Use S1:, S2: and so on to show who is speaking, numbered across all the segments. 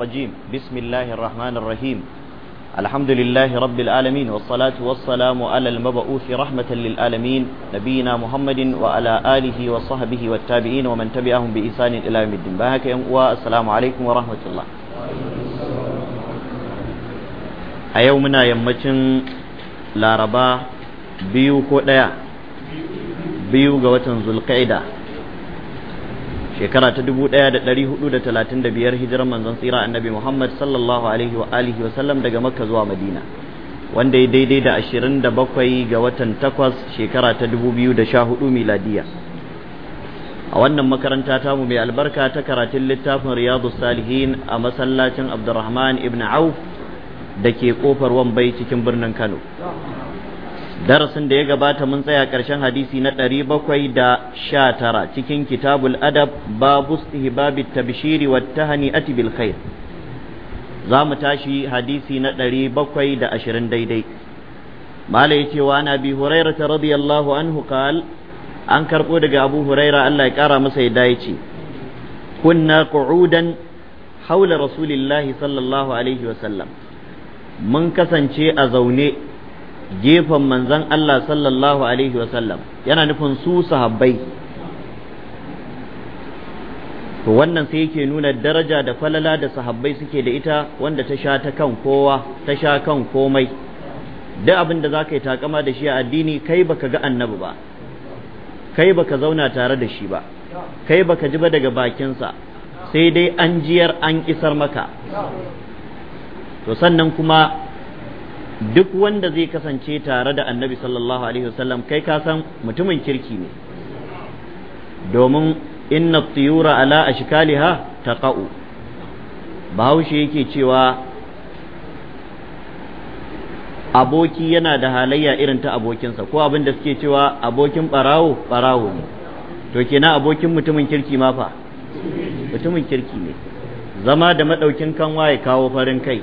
S1: الرجيم بسم الله الرحمن الرحيم الحمد لله رب العالمين والصلاة والسلام على المبعوث رحمة للعالمين نبينا محمد وعلى آله وصحبه والتابعين ومن تبعهم بإحسان إلى يوم الدين بارك والسلام عليكم ورحمة الله أيومنا يمتن لاربا بيو كودايا بيو غوتن ذو القعده shekara ta 1435 hijirar manzon tsira annabi Muhammad sallallahu alaihi wa alihi wa sallam daga Makka zuwa Madina wanda ya daidai da ashirin da bakwai ga watan takwas shekara ta da hudu miladiya a wannan makaranta tamu mai albarka ta karatun littafin riyadu salihin a masallacin abdurrahman ibn auf da ke kofar wambai cikin birnin kano darasin da ya gabata mun tsaya ƙarshen hadisi na ɗari bakwai da sha tara cikin kitabul adab babu babit tabshiri wa tahni'ati bil khair za mu tashi hadisi na ɗari bakwai da ashirin daidai mala ya ce wa ana bi huraira ta radiyallahu anhu hukal an karɓo daga abu huraira Allah ya ƙara masa ya dace kunna ku'udan haula rasulillahi sallallahu alaihi wa mun kasance a zaune gefen manzan Allah sallallahu alaihi wasallam yana nufin su sahabbai to wannan sai yake nuna daraja da falala da sahabbai suke da ita wanda ta sha ta kan kowa ta sha kan komai duk abin da za ka yi takama da shi a addini kai baka ga annabi ba kai baka zauna tare da shi ba kai baka ji ba daga bakinsa sai dai an jiyar an isar maka to sannan kuma duk wanda zai kasance tare da annabi sallallahu alaihi wasallam kai ka san mutumin kirki ne domin inna tiyura ala ashkaliha taqa'u bahaushe yake cewa aboki yana da halayya irin ta abokinsa ko abin da suke cewa abokin barawo barawo ne to kenan abokin mutumin kirki ma fa mutumin kirki ne zama da madaukin kanwa ya kawo farin kai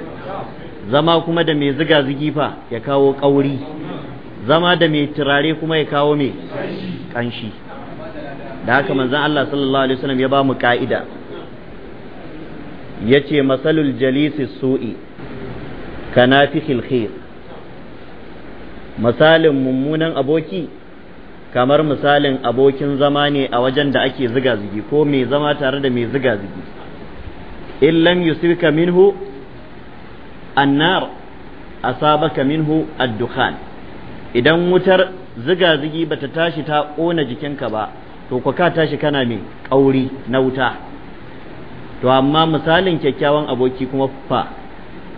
S1: zama kuma da mai ziga zigi fa ya kawo kauri, zama da mai turare kuma ya kawo mai kanshi, da haka manzon Allah sallallahu alaihi wasallam ya ba mu ka'ida yace masalul jalisi su'i kanafikhil khair misalin mummunan aboki kamar misalin abokin zama ne a wajen da ake ziga zigi ko mai zama tare da mai ziga zigi in lam minhu annar asabaka minhu addukhan idan wutar ziga-zigi bata tashi ta ƙona jikinka ba to ka tashi kana mai ƙauri na wuta to amma misalin kyakkyawan aboki kuma fa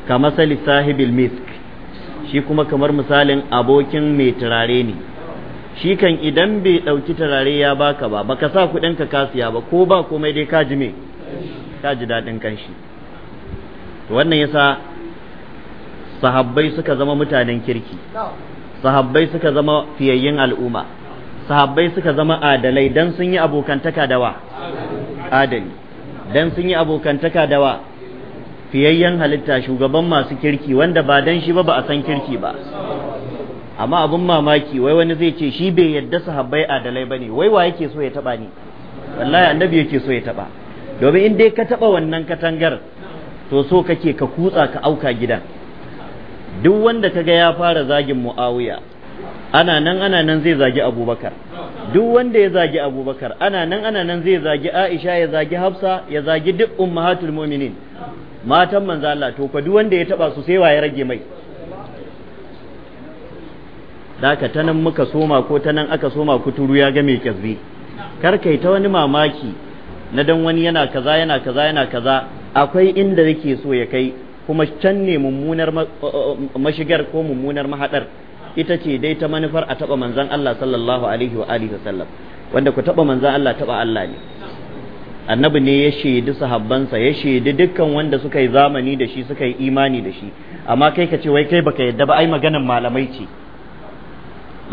S1: ka masali sahibil misk shi kuma kamar misalin abokin mai turare ne shi kan idan bai ɗauki turare ya baka ba baka sa kuɗinka ka siya ba ko ba komai dai ka ji me ka ji daɗin kanshi to wannan yasa sahabbai suka zama mutanen kirki sahabbai suka zama fiyayyin al'umma sahabbai suka zama adalai dan sun yi abokantaka da wa adali dan sun yi abokantaka da wa fiyayyen halitta shugaban masu kirki wanda ba dan shi ba ba a san kirki ba amma abin mamaki wai wani zai ce shi bai yadda sahabbai adalai bane wai wa yake so ya taba ni wallahi annabi yake so ya taba domin in dai ka taba wannan katangar to so kake ka kutsa ka auka gidan duk wanda kaga ya fara zagin muawiya ana nan ana nan zai zagi abubakar duk wanda ya zagi abubakar ana nan ana nan zai zagi aisha ya zagi hafsa ya zagi duk ummahatul mu'minin matan manzo Allah to fa duk wanda ya taba su sai ya rage mai daka ta nan muka soma ko ta nan aka soma kuturu ya ga mai kyazbi kar kai ta wani mamaki na dan wani yana kaza yana kaza yana kaza akwai inda yake so ya kai kuma can ne mummunar mashigar ko mummunar mahaɗar. ita ce dai ta manufar a taba manzan Allah sallallahu alaihi wa alihi wasallam wanda ku taba manzan Allah taba Allah ne annabi ne ya shaidi sahabbansa ya shaidi dukkan wanda suka yi zamani da shi suka yi imani da shi amma kai ka ce wai kai baka yadda ba ai maganan malamai ce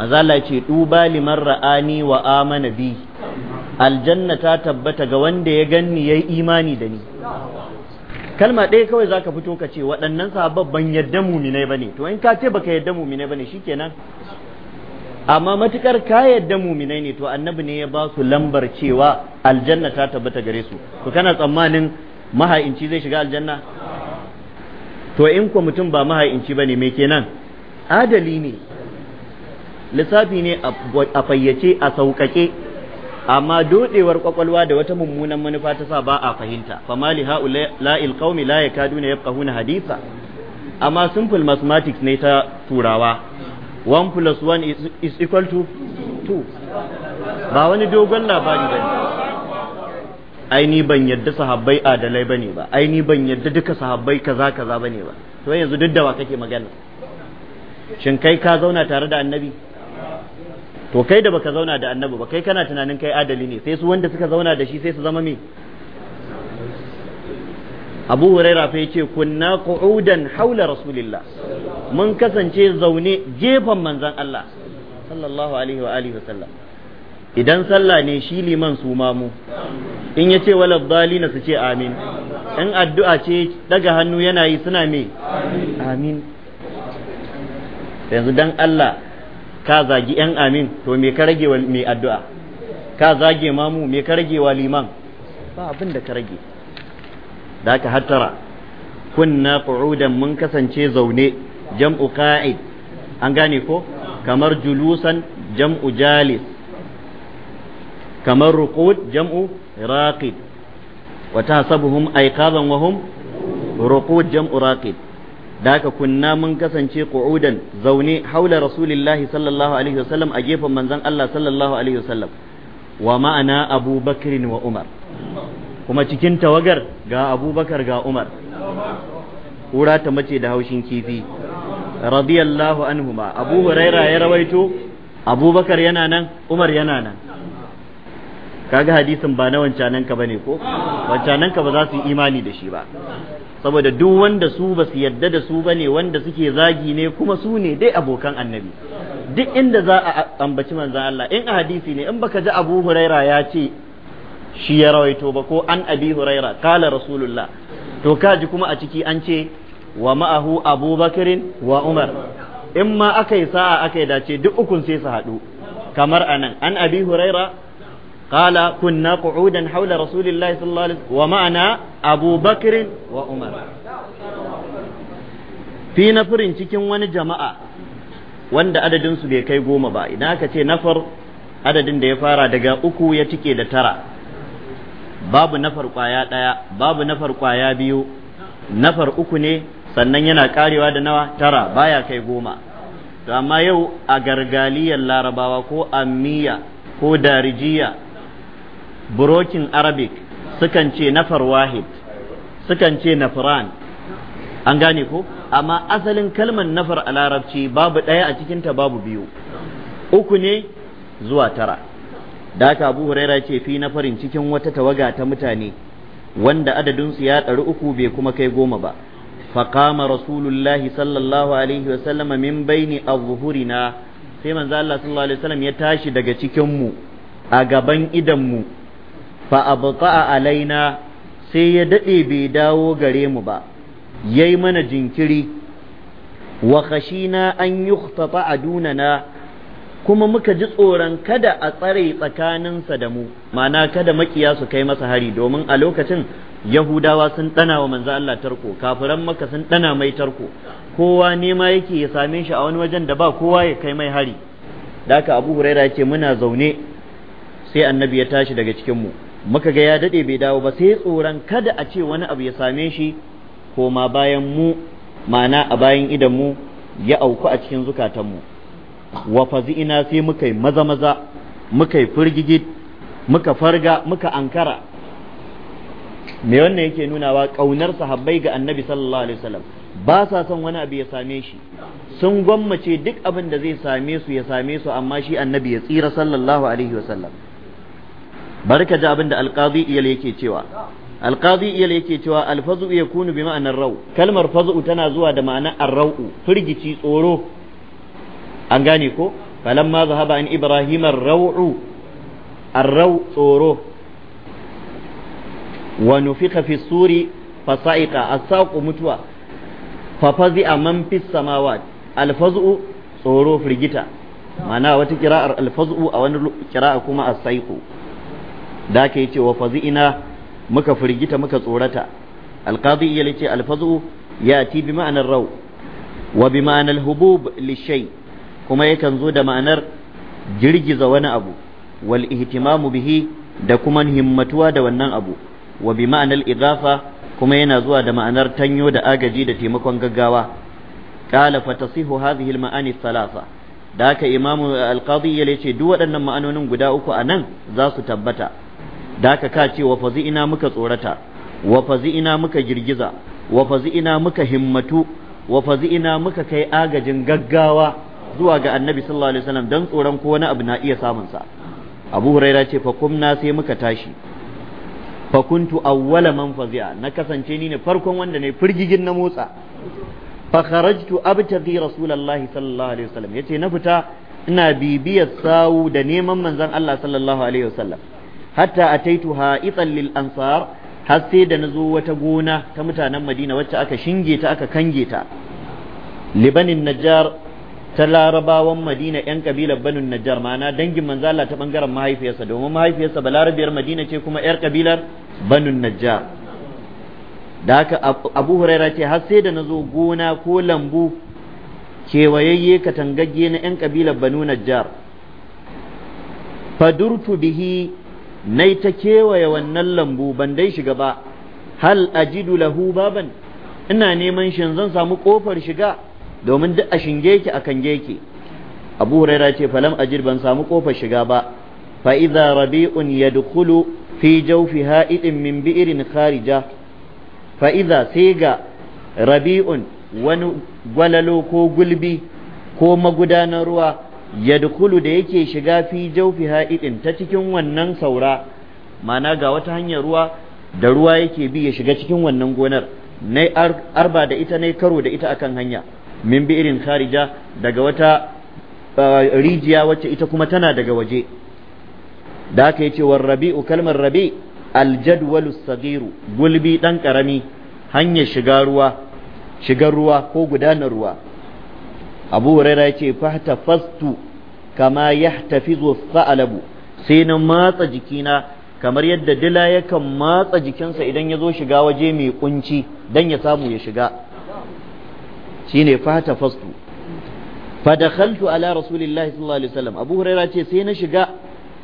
S1: mazala ce duba liman ra'ani wa amana bi aljanna ta tabbata ga wanda ya ganni yi imani da ni kalma ɗaya kawai za ka fito ka ce waɗannan sababbin ban yadda muminai ne to in ka ce baka yadda muminai shi kenan amma matukar ka yadda muminai ne to annabi ne ya ba su lambar cewa aljanna ta tabbata gare su to kana tsammanin maha'inci zai shiga aljanna to in ko mutum ba maha'inci ne me kenan adali ne lissafi ne a fayyace a sauƙaƙe amma dodewar kwakwalwa da wata mummunan manufa ta sa ba a fahimta fama li ha'ula'il qaumi la yakaduna yafqahuna haditha amma simple mathematics ne ta turawa 1 plus 1 is equal to 2 ba wani dogon labari bane aini ban yadda sahabbai adalai bane ba Aini ban yadda duka sahabbai kaza kaza bane ba to yanzu duk da wa kake magana shin kai ka zauna tare da annabi to kai da baka zauna da annabi ba kai kana tunanin kai adali ne sai su wanda suka zauna da shi sai su zama me abu huraira fa yace kunna qu'udan haula rasulillah mun kasance zaune gefen manzon Allah sallallahu alaihi wa alihi wasallam idan sallah ne shi liman su mu. in yace walad dalina su ce amin in addu'a ce daga hannu yana yi suna me amin yanzu dan Allah ka zagi yan amin to me ka rage wa mai addu'a ka zage mamu me ka rage wa liman ba abin da ka rage da ka hattara kunna qu'udan mun kasance zaune jam'u qa'id an gane ko kamar julusan jam'u jalis kamar ruqud jam'u raqid wa tahsabuhum ayqadan wa hum ruqud jam'u raqid da haka kunna mun kasance qu'udan zaune haula rasulillahi sallallahu alaihi wasallam a gefen manzon Allah sallallahu alaihi wasallam wa ma'ana Abu Bakr wa Umar kuma cikin tawagar ga Abubakar ga Umar kura ta mace da haushin kifi radiyallahu anhuma Abu Huraira ya rawaito Abubakar yana nan Umar yana nan kaga hadisin ba na wancanan ka bane ko wancanan ka ba za su yi imani da shi ba saboda duk wanda su ba su yadda da su bane wanda suke zagi ne kuma su ne dai abokan annabi duk inda za a ambaci manzon Allah in a hadisi ne in baka ji Abu Huraira ya ce shi ya rawaito ba ko an Abi Huraira kala Rasulullah to kaji kuma a ciki an ce wa ma'ahu Abu wa Umar in ma aka yi sa'a aka dace duk ukun sai su haɗu kamar anan an Abi Huraira قال كنا قعودا حول رسول الله صلى الله عليه وسلم ومعنا أبو بكر وعمر في نفر cikin wani jama'a wanda adadin su bai kai goma ba idan aka ce nafar adadin da ya fara daga uku ya tike da tara babu nafar kwaya ɗaya babu nafar kwaya biyu nafar uku ne sannan yana karewa da nawa tara baya kai goma to amma yau a gargaliyar larabawa ko ammiya ko darijiya burokin arabic sukan ce nafar wahid sukan ce nafran an gane ko amma asalin kalmar nafar a larabci babu ɗaya a cikinta babu biyu uku ne zuwa tara da haka abu huraira ce fi nafarin cikin wata tawaga ta mutane wanda adadinsu ya ɗari uku bai kuma kai goma ba فقام رسول الله صلى الله min وسلم من بين sai manzo Allah sallallahu alaihi wasallam ya tashi daga cikin mu a gaban idan mu fa abqa alaina sai ya dade bai dawo gare mu ba yayi mana jinkiri wa khashina an yukhtata adunana kuma muka ji tsoron kada a tsare tsakaninsa da mu ma'ana kada makiya su kai masa hari domin a lokacin yahudawa sun dana wa manzo Allah tarko kafiran maka sun dana mai tarko kowa nema yake ya same shi a wani wajen da ba kowa ya kai mai hari da haka abu huraira ce muna zaune sai annabi ya tashi daga cikin mu muka ga ya daɗe bai dawo ba sai tsoron kada a ce wani abu ya same shi koma bayan mu ma'ana a bayan idan mu ya auku a cikin zukatanmu wa fazi'ina sai muka yi maza maza muka yi firgigit muka farga muka ankara me wannan yake nunawa kaunar sahabbai ga annabi sallallahu alaihi wasallam ba sa son wani abu ya same shi sun gwammace duk abin da zai same su ya same su amma shi annabi ya tsira sallallahu alaihi wasallam bari ka ji abin da alqadi iyal yake cewa alqadi iyal yake cewa alfazu ya kunu bi ma'anar rau kalmar fazu tana zuwa da ma'anar arrau firgici tsoro an gane ko falamma zahaba an ibrahim ar-rau'u tsoro wa nufiqa fi suri fasa'iqa as-saqu mutuwa fa fazi'a man fi samawat alfazu tsoro firgita ma'ana wata kira'ar alfazu a wani kira'a kuma as-saiqu da aka yi cewa fazi'ina muka firgita muka tsorata alqadi ya ce alfazu yati bi ma'anar raw wa bi ma'anar hubub lishay kuma yakan zo da ma'anar girgiza wani abu wal ihtimamu bihi da kuma himmatuwa da wannan abu wa bi ma'anar idafa kuma yana zuwa da ma'anar tanyo da agaji da taimakon gaggawa qala fatasihu hadhihi al ma'ani thalatha da haka imamu al ya ce duk waɗannan ma'anonin guda uku a nan za su tabbata da ka ka ce wa ina muka tsorata wa ina muka girgiza wa ina muka himmatu wa ina muka kai agajin gaggawa zuwa ga annabi sallallahu alaihi wasallam dan tsoron ko wani abu na iya samun sa abu huraira ce fa kumna sai muka tashi fa kuntu awwala man fazi'a na kasance ni ne farkon wanda ne firgigin na motsa fa kharajtu abtaghi rasulullahi sallallahu alaihi wasallam yace na fita ina bibiyar sawu da neman manzon Allah sallallahu alaihi wasallam hatta ataituha haitsan lil ansar har sai da nazo wata gona ta mutanen Madina wacce aka shinge ta aka kange ta libanin najjar ta larabawan Madina yan kabilar banin najjar ma'ana dangin Manzala ta bangaren mahaifiyarsa domin mahaifiyarsa balarabiyar Madina ce kuma yar kabilar banin najjar da haka Abu Huraira ce har sai da nazo gona ko lambu kewayayye katangagge na yan kabilar banu najjar fadurtu bihi nai ta kewaye wannan lambu ban dai shiga ba hal ajidu lahu baban ina neman shin zan samu kofar shiga domin duk a shinge ki a kange ki abu huraira ce falam ajid ban samu kofar shiga ba fa idza rabi'un yadkhulu fi jawfi ha'idin min bi'rin kharija fa idza sai ga rabi'un wani gwalalo ko gulbi ko magudanar ruwa yadkhulu da yake shiga fi jawfi ha'idin ta cikin wannan saura mana ga wata hanyar ruwa da ruwa yake bi ya shiga cikin wannan gonar na arba da ita na karo da ita akan hanya min bi irin kharija daga wata rijiya wacce ita kuma tana daga waje da haka yace war rabi'u kalmar rabi aljadwalu sagiru gulbi dan karami hanyar shiga ruwa shigar ruwa ko gudanar ruwa abu huraira ya ce fahta fastu kama yahtafizu tha'labu sai na matsa jikina kamar yadda dila yakan matsa jikinsa idan ya zo shiga waje mai kunci dan ya samu ya shiga shine fata fastu fadakhaltu ala rasulillahi sallallahu alaihi wasallam abu huraira ce sai na shiga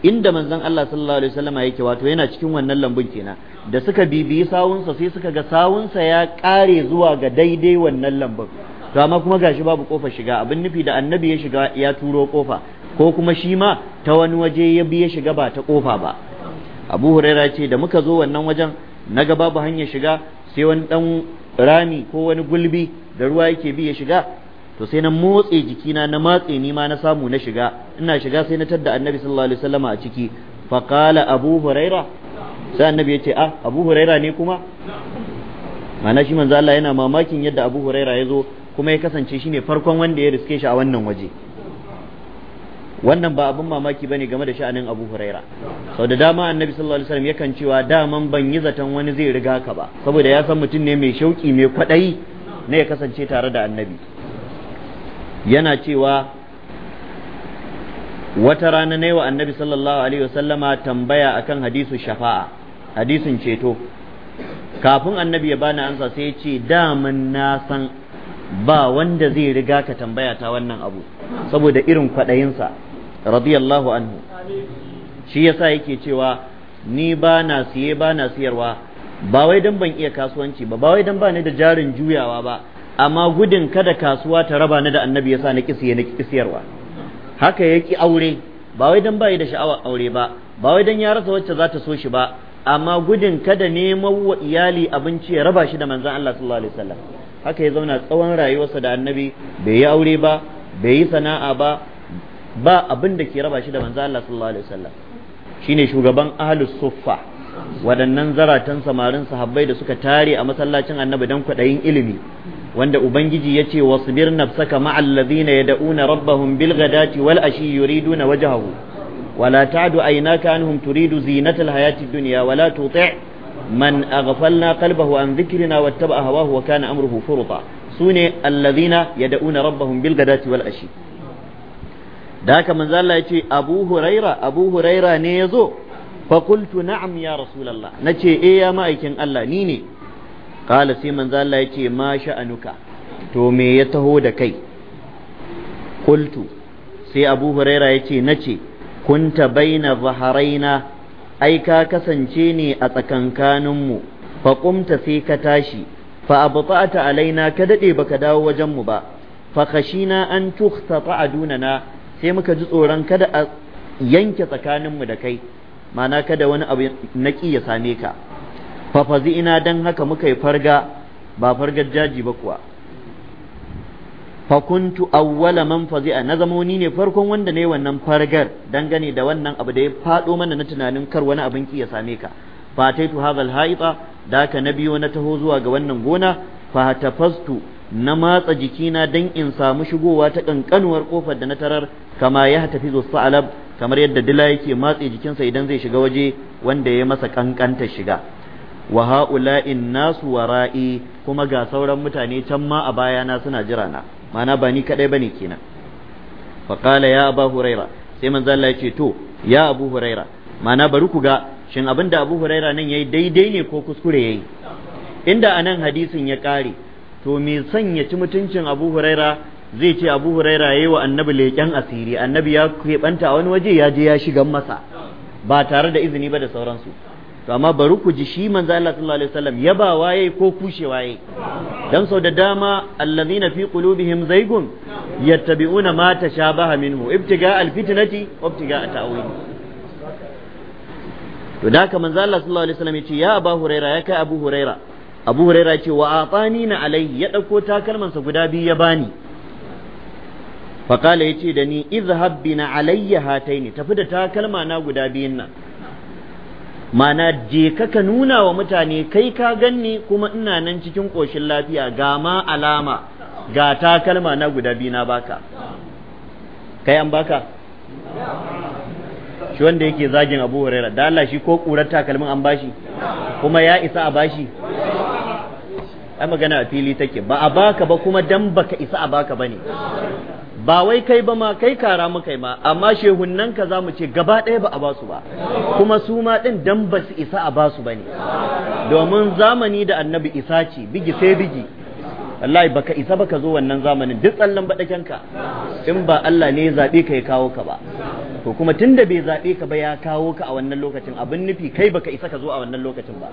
S1: inda manzon Allah sallallahu alaihi wasallam yake wato yana cikin wannan lambun kenan da suka bibiyi sawunsa sai suka ga sawunsa ya kare zuwa ga daidai wannan lambun to amma kuma gashi babu kofar shiga abin nufi da annabi ya shiga ya turo kofa ko kuma shi ma ta wani waje ya biya shiga ba ta kofa ba abu huraira ce da muka zo wannan wajen na ga babu hanyar shiga sai wani dan rami ko wani gulbi da ruwa yake bi ya shiga to sai na motse jikina na matse ni ma na samu na shiga ina shiga sai na tadda annabi sallallahu alaihi wasallama a ciki fa qala abu huraira sai annabi ya ce ah abu huraira ne kuma ma'ana shi manzo Allah yana mamakin yadda abu huraira ya zo kuma ya kasance shi ne farkon wanda ya riske shi a wannan waje wannan ba abin mamaki bane game da sha'anin Abu Huraira sau da dama annabi sallallahu alaihi wasallam yakan cewa daman ban yi zaton wani zai riga ka ba saboda ya san mutum ne mai shauki mai kwadayi ne ya kasance tare da annabi yana cewa wata rana ne wa annabi sallallahu alaihi wasallama tambaya akan hadisu shafa'a hadisin ceto kafin annabi ya bani ansa sai ya ce daman na san ba wanda zai riga ka tambaya ta wannan abu saboda irin kwaɗayinsa radiyallahu anhu shi yasa yake cewa ni ba na siye ba na siyarwa ba wai dan ban iya kasuwanci ba ba wai dan ba ni da jarin juyawa ba amma gudun kada kasuwa ta raba ni da annabi yasa na ki siye na ki siyarwa haka yake aure ba wai dan bai da sha'awar aure ba ba wai dan ya rasa wacce za ta so shi ba amma gudun kada neman wa iyali abinci ya raba shi da manzon Allah sallallahu alaihi wasallam haka ya zauna tsawon rayuwarsa da annabi bai yi aure ba bai yi sana'a ba ba abin da ke raba shi da manzo Allah sallallahu alaihi wasallam shine shugaban ahlus suffa waɗannan zaratan samarin sahabbai da suka tare a masallacin annabi dan kwaɗayin ilimi wanda ubangiji ya ce wasbir nafsaka ma'al ladhina yad'una rabbahum bil ghadati wal ashi yuriduna wajhahu wala ta'du aynaka anhum turidu zinatal hayati dunya wala tuti' man aghfalna qalbahu an dhikrina wattaba hawahu wa kana amruhu furta sune alladhina yad'una rabbahum bil ghadati wal ashi da haka manzo Allah ya ce Abu Huraira Abu Huraira ne ya zo fa qultu na'am ya rasulullah nace eh ya ma'aikin Allah ni ne qala sai manzo Allah ya ce ma sha'anuka to me ya taho da kai qultu sai Abu Huraira ya ce nace kunta baina zaharaina ai ka kasance ne a tsakankanin mu fa qumta sai ka tashi fa abta'ta alaina ka dade baka dawo wajen mu ba fa khashina an aduna na. sai muka ji tsoron kada a yanke tsakaninmu da kai mana kada wani abu na ƙi ya same ka fafazi ina don haka muka yi farga ba fargar jaji ba kuwa fakuntu awwala man fazi'a na zama wani ne farkon wanda ne wannan fargar dangane da wannan abu da ya faɗo mana na tunanin kar wani abin ki ya same ka fataitu hadha alhaita da ka na biyo na taho zuwa ga wannan gona fa hatafastu na matsa jikina don in samu shigowa ta ƙanƙanuwar ƙofar da na tarar kama ya tafi sa'alab kamar yadda dila yake matse jikinsa idan zai shiga waje wanda ya masa ƙanƙanta shiga wa in nasu wara'i kuma ga sauran mutane can ma a bayana suna jira na mana ba ni kaɗai bane kenan faƙala ya abu huraira sai manzo Allah ya to ya abu huraira mana bari ku ga shin abinda abu huraira nan yayi daidai ne ko kuskure yayi inda anan hadisin ya ƙare to me son ya ci mutuncin abu huraira zai ce abu huraira ya yi wa annabi leƙen asiri annabi ya keɓanta a wani waje ya je ya shigan masa ba tare da izini ba da sauransu to amma bari ku ji shi manzo Allah sallallahu alaihi wasallam ba waye ko kushe waye dan sau da dama alladhina fi qulubihim zaygun yattabi'una ma tashabaha minhu ibtiga alfitnati wa ibtiga ta'wil to da ka manzo Allah sallallahu alaihi wasallam ce ya Abu Huraira ya kai Abu Huraira abu huraira ce wa atani na alaihi ya ɗauko takalmansa guda biyu ya bani faƙala ya ce da ni izhab bina na alayya hataini tafi da takalma na guda biyun nan mana je ka ka nuna wa mutane kai ka ganni kuma ina nan cikin ƙoshin lafiya ga ma alama ga takalma na guda biyu na baka kai an baka shi wanda yake zagin abu huraira da Allah shi ko ƙurar takalmin an bashi kuma ya isa a bashi ai magana a fili take ba a baka ba kuma dan baka isa a baka bane ba wai kai ba ma kai kara mu kai ma amma shehunnan ka zamu ce gaba ɗaya ba a basu ba kuma su ma din dan ba su isa a basu bane domin zamani da annabi isa ce bigi sai bigi wallahi baka isa baka zo wannan zamanin duk tsallan ka in ba Allah ne ya zaɓe ka ya kawo ka ba to kuma tunda bai zaɓe ka ba ya kawo ka a wannan lokacin abin nufi kai baka isa ka zo a wannan lokacin ba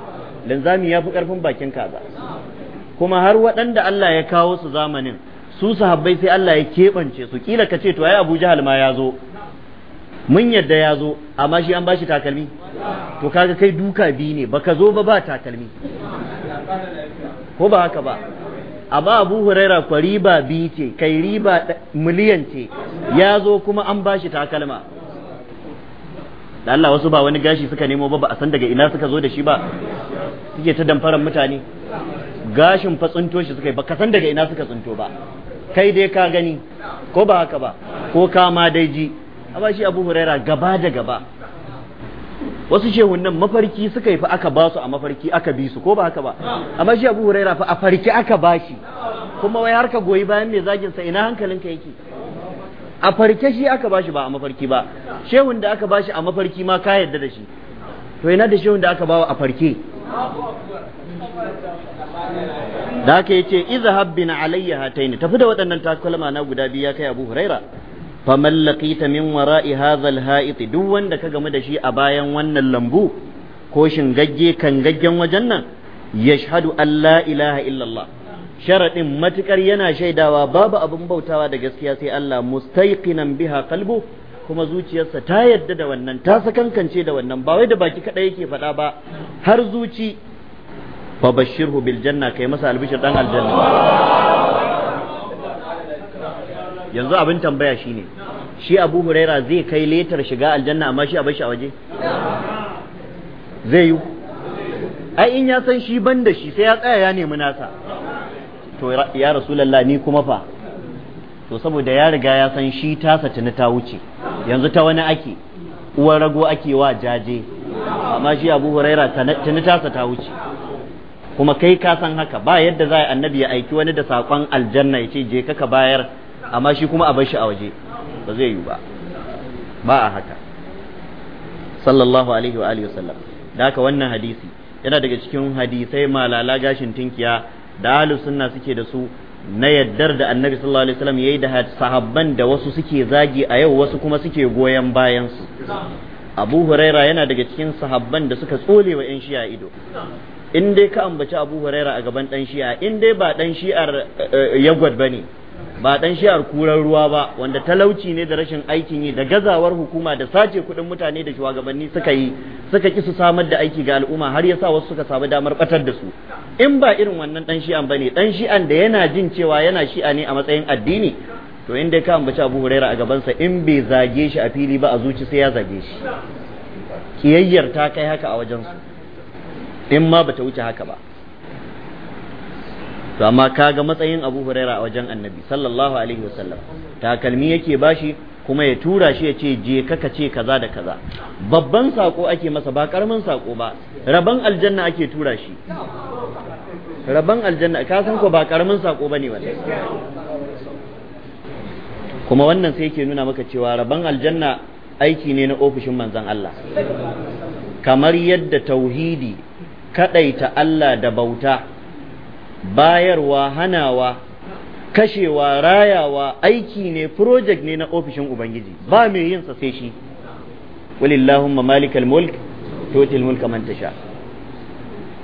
S1: linzami ya fi ƙarfin bakin ka ba kuma har waɗanda Allah ya kawo su zamanin su sahabbai sai Allah ya keɓance su kila ka ce to ai Abu Jahal ma ya zo mun yadda ya zo amma shi an bashi takalmi to kaga kai duka bi ne baka zo ba ba takalmi ko ba haka ba amma Abu Huraira kwa riba biyu ce kai riba miliyan ce ya zo kuma an bashi takalma da Allah wasu ba wani gashi suka nemo ba ba a san daga ina suka zo da shi ba suke ta damfaran mutane gashin fa tsinto shi suka yi ba ka san daga ina suka tsinto ba kai dai ka gani ko ba haka ba ko ka ma dai ji amma shi Abu Huraira gaba da gaba wasu shehun nan mafarki suka yi fa aka ba su a mafarki aka bi su ko ba haka ba amma shi Abu Huraira fa a farki aka ba shi kuma wai har ka goyi bayan mai zagin sa ina hankalinka yake a farke shi aka ba shi ba a mafarki ba shehun da aka ba shi a mafarki ma ka yadda da shi to ina da shehun da aka bawa a farke da haka yace izhab bin alayya hataini tafi da waɗannan takalma na guda biyu ya kai Abu Huraira fa ta min wara'i hadha al duk wanda ka gamu da shi a bayan wannan lambu ko shin gagge kan gaggen wajen nan yashhadu an la ilaha illallah sharadin matukar yana shaidawa babu abin bautawa da gaskiya sai Allah mustaiqinan biha qalbu kuma zuciyarsa ta yadda da wannan ta sakankance da wannan ba wai da baki kadai yake faɗa ba har zuci fa bashirhu bil janna kai masa albishir dan aljanna yanzu abin tambaya shine shi Abu Huraira zai kai letar shiga aljanna amma shi a bashi a waje zai yi ai in ya san shi ban da shi sai ya tsaya ya nemi nasa to ya rasulullah ni kuma fa to saboda ya riga ya san shi tasa tuni ta wuce yanzu ta wani ake uwan rago ake wa jaje amma shi Abu Huraira tuni tasa ta wuce kuma kai ka san haka ba yadda za a annabi ya aiki wani da sakon aljanna ya ce je ka bayar amma shi kuma a bar shi a waje ba zai yi ba ba a haka sallallahu alaihi wa sallam da haka wannan hadisi yana daga cikin hadisai malala gashin tinkiya da ahlu sunna suke da su na yaddar da annabi sallallahu alaihi wasallam yayi da sahabban da wasu suke zagi a yau wasu kuma suke goyon bayan su abu huraira yana daga cikin sahabban da suka tsole wa yan shi'a ido in dai ka ambaci abu huraira a gaban dan shi'a in dai ba dan shi'ar eh, yagwad ba ne ba dan shi'ar kurar ruwa ba wanda talauci ne da rashin aikin yi da gazawar hukuma da sace kuɗin mutane da shugabanni suka yi suka ki su samar da aiki ga al'umma har yasa wasu suka samu damar batar da su in ba irin wannan dan shi'an bane dan shi'an da yana jin cewa yana shi'a ne a matsayin addini to in dai ka ambaci abu huraira a gabansa in bai zage shi a fili ba a zuci sai ya zage shi kiyayyar ta kai haka a wajen su. in ma bata wuce haka ba to amma kaga matsayin Abu Huraira a wajen Annabi sallallahu alaihi wasallam takalmi yake bashi kuma ya tura shi ya ce je kaka ce kaza da kaza babban sako ake masa ba karamin sako ba rabon aljanna ake tura shi rabon aljanna ka san ko ba karamin sako bane wannan kuma wannan sai yake nuna maka cewa rabon aljanna aiki ne na ofishin manzon Allah kamar yadda tauhidi kaɗaita Allah da bauta bayarwa hanawa kashewa rayawa aiki ne project ne na ofishin ubangiji ba mai yin sa sai shi walillahumma malikal mulk tutil mulka man tasha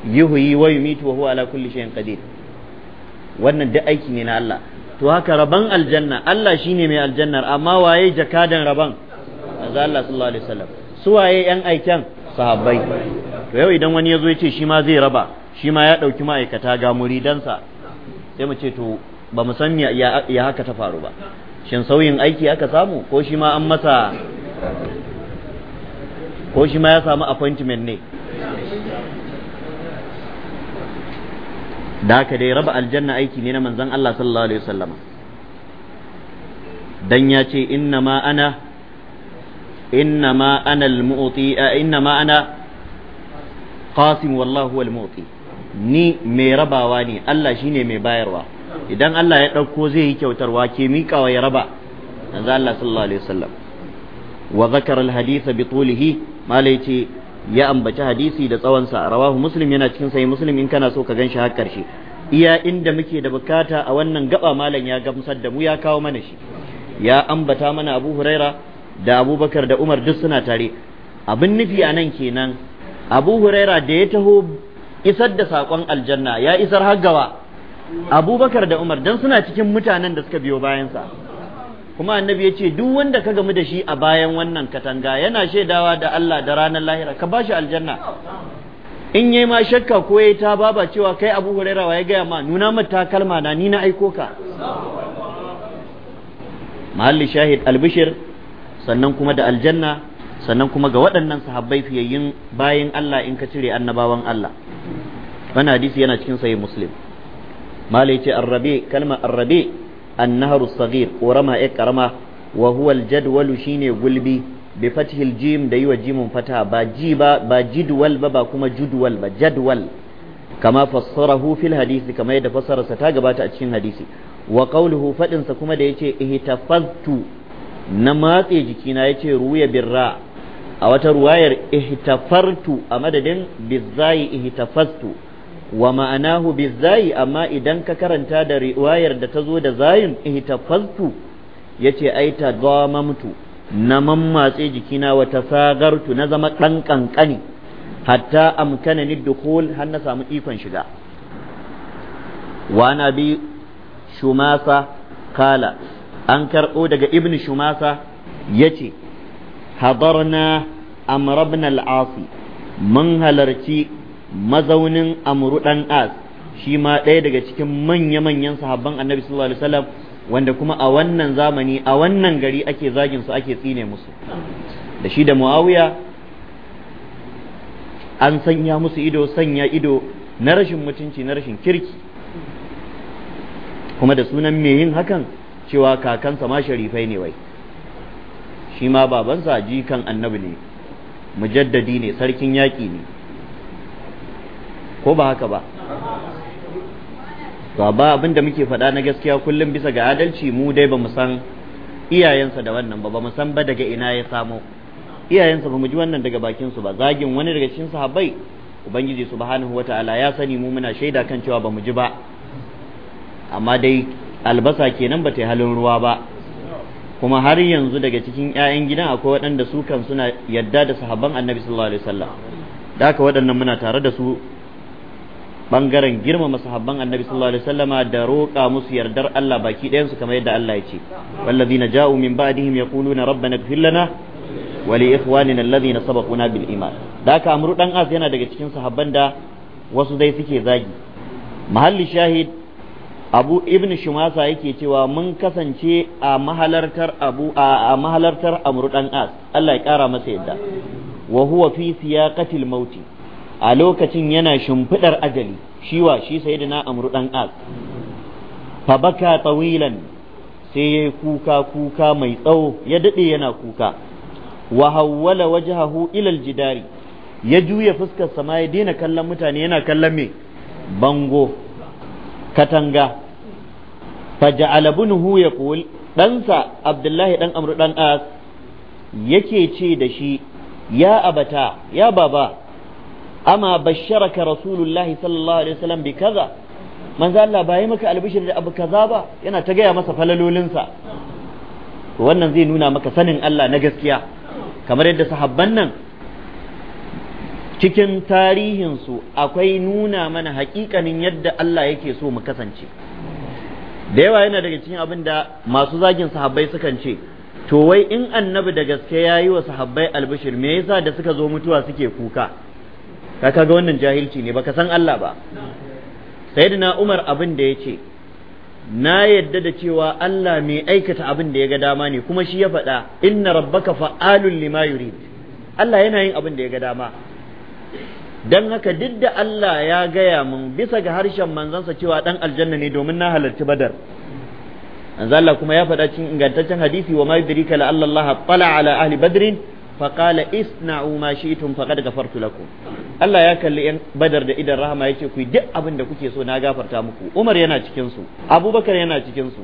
S1: yuhyi wa yumitu wa huwa ala kulli shay'in qadir wannan duk aiki ne na Allah to haka raban aljanna Allah shine mai aljannar amma waye jakadan raban manzo Allah sallallahu alaihi wasallam suwaye yan aikan sahabbai to yau idan wani ya zo ya ce shi ma zai raba shi ma ya ɗauki ma'aikata ga muridansa sai mu ce to ba mu san ya haka ta faru ba shin sauyin aiki aka samu ko shi ma an masa ko shi ma ya samu appointment ne da haka dai raba aljanna aiki ne na manzon Allah sallallahu alaihi wasallama dan ya ce inna ma ana إنما أنا المؤطي إنما أنا قاسم والله هو المؤطي ni mai rabawa ne Allah shine mai bayarwa idan Allah ya ɗauko zai yi kyautarwa ke miƙawa ya raba manzo Allah sallallahu alaihi wasallam wa zakara alhadith bi tulihi malai ya ambaci hadisi da tsawonsa rawahu muslim yana cikin sahih muslim in kana so ka ganshi har karshe iya inda muke da bukata a wannan gaba malam ya gamsar da mu ya kawo mana shi ya ambata mana abu huraira da abubakar da umar duk suna tare abin nufi a nan kenan abu huraira da ya taho isar da saƙon aljanna ya isar haggawa abubakar da umar don suna cikin mutanen da suka biyo bayansa kuma annabi ya ce duk wanda ka gamu da shi a bayan wannan katanga yana shaidawa da Allah da ranar lahira ka bashi aljanna in yayi ma shakka ko yayi ta baba cewa kai Abu Huraira wa ya gaya ma nuna mata takalma na ni na aiko ka mahalli shahid albishir sannan kuma da aljanna sannan kuma ga waɗannan sahabbai fiyayyin bayan Allah in ka cire annabawan Allah wani hadisi yana cikin sahih muslim mala yace arrabi kalma arrabi annaharu sagir ƙorama ya karama wa huwa aljadwalu shine gulbi bi fathil jim da yi wa jimin fata ba ji ba ba jidwal ba ba kuma judwal ba jadwal kama fassarahu fil hadisi kama yadda sa ta gabata a cikin hadisi wa qawluhu faɗinsa kuma da yace ihtafaztu na matse jikina yace ruya birra a wata ruwayar ihtafartu a madadin bizai ihtafastu wa ma'anahu bizayi amma idan ka karanta da ruwayar da ta zo da zayin ihtafastu yace ai ta mutu na mammatse jikina wata sagartu na zama dan kankani hatta amkana ni dukhul har na samu ikon shiga wa nabi shumasa kala an karɓo daga ibn shumasa ya ce na amrabn al'asi mun halarci mazaunin amru ɗan as shi ma ɗaya daga cikin manya-manyan sahabban annabi sallallahu alaihi wasallam wanda kuma a wannan zamani a wannan gari ake zagin su ake tsine musu da shi da muawiya an sanya musu ido sanya ido na rashin mutunci na rashin kirki kuma da sunan mai yin hakan cewa kakansa ma sharifai ne wai shi ma babansa jikan annabi ne mujaddadi ne sarkin yaƙi ne ko ba haka ba to ba abin da muke faɗa na gaskiya kullum bisa ga adalci mu dai ba mu san iyayensa da wannan ba ba mu san ba daga ina ya samo iyayensa ba mu ji wannan daga bakin su ba zagin wani daga cikin sahabbai ubangiji subhanahu wataala ya sani mu muna shaida kan cewa ba mu ji ba amma dai albasa kenan ba ta yi halin ruwa ba kuma har yanzu daga cikin 'ya'yan gidan akwai waɗanda su kan suna yadda da sahabban annabi sallallahu alaihi wasallam da aka waɗannan muna tare da su bangaren girmama sahabban annabi sallallahu alaihi wasallama da roƙa musu yardar Allah baki ɗayan su kamar yadda Allah ya ce wallazina ja'u min ba'dihim yaquluna rabbana ighfir lana wa li ikhwanina alladhina sabaquna bil iman da aka amru dan as yana daga cikin sahabban da wasu dai suke zagi mahalli shahid abu ibn shumasa yake cewa mun kasance a mahalartar abu a mahalartar amru dan as Allah ya kara masa yadda wa huwa fi siyaqatil mauti a lokacin yana shimfidar ajali shi wa shi sayyidina amru dan as fa baka tawilan sai yayi kuka kuka mai tsawo ya dade yana kuka wa hawwala wajhahu ila aljidari ya juya fuskar sama ya daina kallon mutane yana kallon me bango katanga faja'ala bunuhu ya kul ɗansa abdullahi ɗan amru ɗan as yake ce da shi ya abata ya baba amma basharaka rasulullahi sallallahu alaihi wasallam bi kaza manzo Allah ba yi maka albishir da abu kaza ba yana ta gaya masa falalolinsa wannan zai nuna maka sanin Allah na gaskiya kamar yadda sahabban nan cikin tarihinsu akwai nuna mana haƙiƙanin yadda Allah yake so mu kasance da yawa yana daga cikin abin da masu zagin sahabbai sukan ce to wai in annabi da gaske ya yi wa sahabbai albishir me yasa da suka zo mutuwa suke kuka ka kaga wannan jahilci ne baka san Allah ba sayyidina Umar abin da ya ce na yadda da cewa Allah mai aikata abin da ya ga dama ne kuma shi ya faɗa inna rabbaka fa'alun lima yurid Allah yana yin abin da ya ga dama dan haka duk da Allah ya gaya mun bisa ga harshen manzansa cewa ɗan aljanna ne domin na halarci badar Allah kuma ya faɗa cikin ingantaccen hadisi wa ma yudrika la Allah tala ala ahli badrin fa qala isna'u ma shi'tum faqad ghafartu lakum Allah ya kalli yan badar da idan rahama yace ku duk abin da kuke so na gafarta muku Umar yana cikin su Abubakar yana cikin su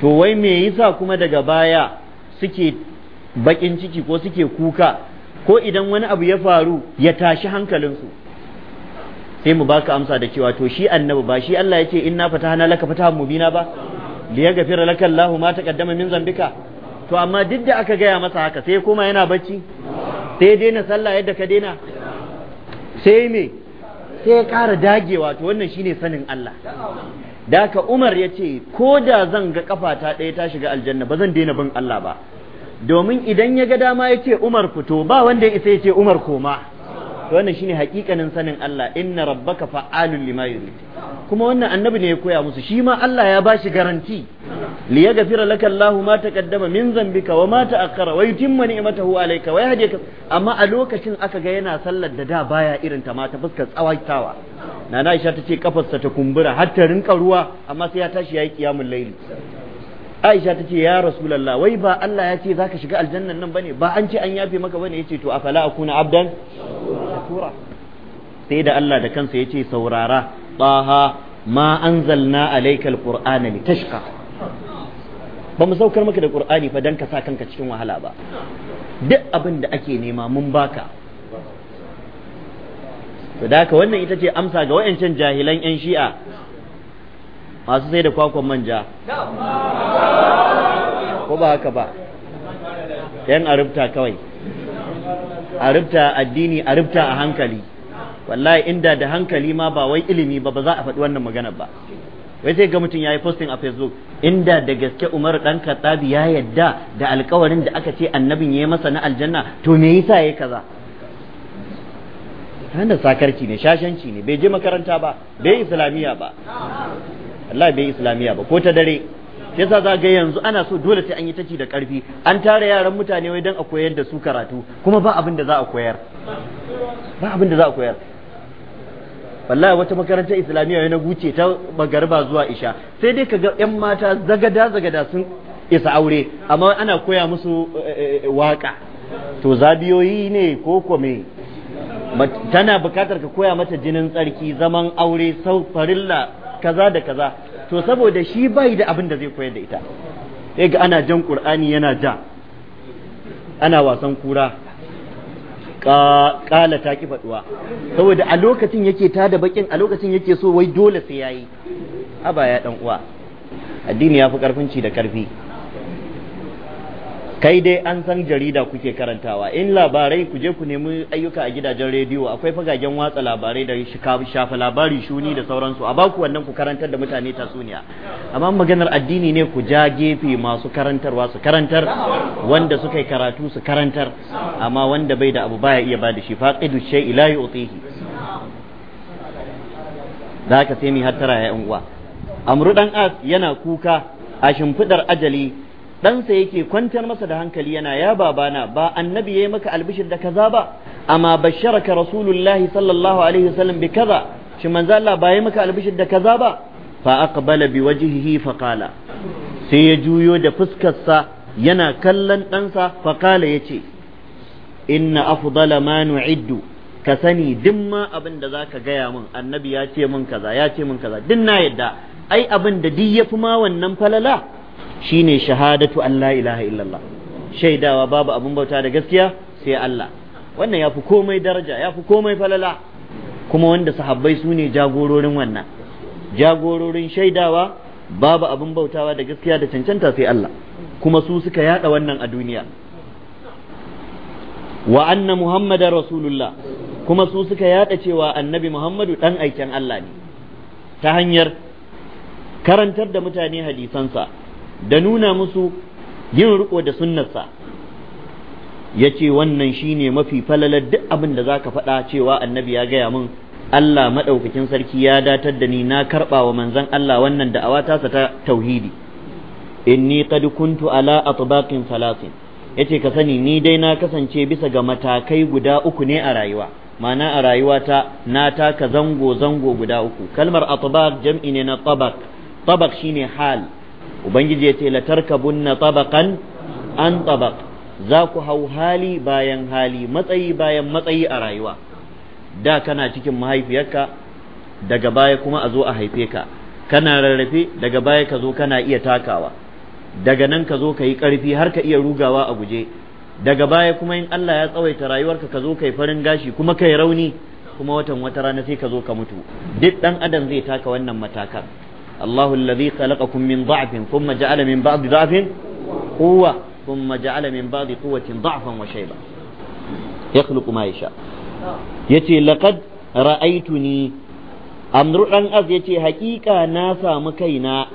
S1: to wai me yasa kuma daga baya suke bakin ciki ko suke kuka ko idan wani abu ya faru ya tashi hankalinsu sai mu baka amsa da cewa to shi annabi ba shi Allah ya ce inna fatahna laka fatahan mubina ba yaghfir laka Allahu ma taqaddama min zambika to amma duk da aka gaya masa haka sai kuma yana bacci sai daina sallah yadda ka daina sai me sai ya ƙara dagewa to wannan shine sanin Allah da haka Umar ya ce ko da zan ga kafata ɗaya ta shiga aljanna ba zan daina bin Allah ba domin idan ya ga dama ya ce Umar fito ba wanda ya isa ya ce Umar koma wannan shine hakikanin sanin Allah inna rabbaka fa'alun lima yurid kuma wannan annabi ne ya koya musu shi ma Allah ya bashi garanti li yaghfira laka Allahu ma taqaddama min zambika wa ma ta'akhkhara wa yutimma ni'matahu alayka wa yahdika amma a lokacin aka ga yana sallar da da baya irin ta mata fuskar tsawaitawa nana Aisha tace kafarsa ta kumbura har ta rinka ruwa amma sai ya tashi yayi qiyamul laili Aisha ta ce ya Rasulallah wai ba Allah ya ce za ka shiga aljannan nan bane ba an ce an yafe maka bane ya ce to afala kuna abdan shakura sai da Allah da kansa ya ce saurara taha ma anzalna alayka alqur'ana litashqa ba mu saukar maka da qur'ani fa dan ka sa kanka cikin wahala ba duk abin da ake nema mun baka to da haka wannan ita ce amsa ga wayancan jahilan yan shi'a masu sai da kwakwan manja ko ba haka ba
S2: yan arifta kawai arifta
S1: addini arifta a hankali wallahi inda da hankali ma ba wai ilimi ba ba za a faɗi wannan magana ba wai sai ga mutum ya yi posting a facebook inda da gaske umar dan katsabi ya yadda da alkawarin da aka ce annabin ya yi masa na aljanna to me yasa ya yi kaza hannun sakarci ne shashanci ne bai je makaranta ba bai islamiyya ba wallahi bai islamiya ba ko ta dare yasa sa ga yanzu ana so dole sai an yi taci da karfi an tara yaran mutane wai dan a koyar da su karatu kuma ba abin da za a koyar ba abin da za a koyar wallahi wata makarantar islamiyya na guce ta magarba zuwa isha sai dai kaga yan mata zagada zagada sun isa aure amma ana koya musu eh, eh, waka to zabiyoyi ne ko kome tana bukatar ka koya mata jinin tsarki zaman aure sau farilla kaza da kaza to saboda shi bai da abin da zai koyar da ita sai ga ana jan qur'ani yana ja ana wasan kura kala ta ki faduwa saboda a lokacin yake ta da bakin a lokacin yake so wai dole sai yayi abaya baya dan uwa addini ya fi karfin da karfi kai dai an san jarida kuke karantawa in labarai ku je ku nemi ayyuka a gidajen rediyo akwai fagagen watsa labarai da shafa labari shuni da sauransu a baku wannan ku karantar da mutane tatsuniya amma maganar addini ne ku ja gefe masu karantarwa su karantar wanda suka yi karatu su karantar amma wanda bai da abu baya iya ba da shi faqidu shay ila yu'tihi zaka sai mi hattara ya yan uwa amru dan as yana kuka a shimfidar ajali ɗansa yake kwantar masa da hankali yana ya babana ba annabi ya yi maka albishir da kaza ba amma basharaka rasulullahi sallallahu alaihi wasallam bi kaza shi manzo Allah ba ya maka albishir da kaza ba fa aqbala bi wajhihi fa qala sai ya juyo da fuskarsa yana kallon ɗansa fa qala yace inna afdala ma nu'iddu ka sani duk ma abin da zaka gaya min annabi ya ce min kaza ya ce min kaza duk na yadda ai abin da duk yafi ma wannan falala Shi ne shahadatu Allah; ilaha illallah shaidawa babu abin bauta da gaskiya sai Allah wannan ya fi komai daraja ya fi komai falala kuma wanda sahabbai su ne jagororin wannan jagororin shaidawa babu abin bautawa da gaskiya da cancanta sai Allah kuma su suka yada wannan a duniya wa anna muhammadar rasulullah kuma su suka yada cewa annabi muhammadu dan aiken Allah ne ta hanyar karantar da mutane hadisansa da nuna musu yin riko da sunnarsa ya ce wannan shine mafi falalar duk abin da za ka faɗa cewa annabi ya gaya min Allah maɗaukakin sarki ya datar da ni na karɓa wa manzan Allah wannan da'awa tasa ta tauhidi inni qad kuntu ala atbaqin salasin yace ka sani ni dai na kasance bisa ga matakai guda uku ne a rayuwa ma'ana a rayuwa ta na taka zango zango guda uku kalmar atbaq jam'i ne na tabaq tabaq shine hal ubangiji yace la tarkabunna tabaqan an tabaq za ku hau hali bayan hali matsayi bayan matsayi a rayuwa da kana cikin mahaifiyarka daga baya kuma a zo a haife ka kana rarrafe daga baya ka zo kana iya takawa daga nan ka zo ka yi ƙarfi har ka iya rugawa a guje daga baya kuma in Allah ya tsawaita rayuwarka ka zo ka yi farin gashi kuma ka yi rauni kuma watan wata rana sai ka zo ka mutu duk ɗan adam zai taka wannan matakan الله الذي خلقكم من ضعف ثم جعل من بعد ضعف قوة ثم جعل من بعد قوة ضعفا وشيبا يخلق ما يشاء يتي لقد رأيتني أمر أن أز يتي حقيقة ناسا مكينا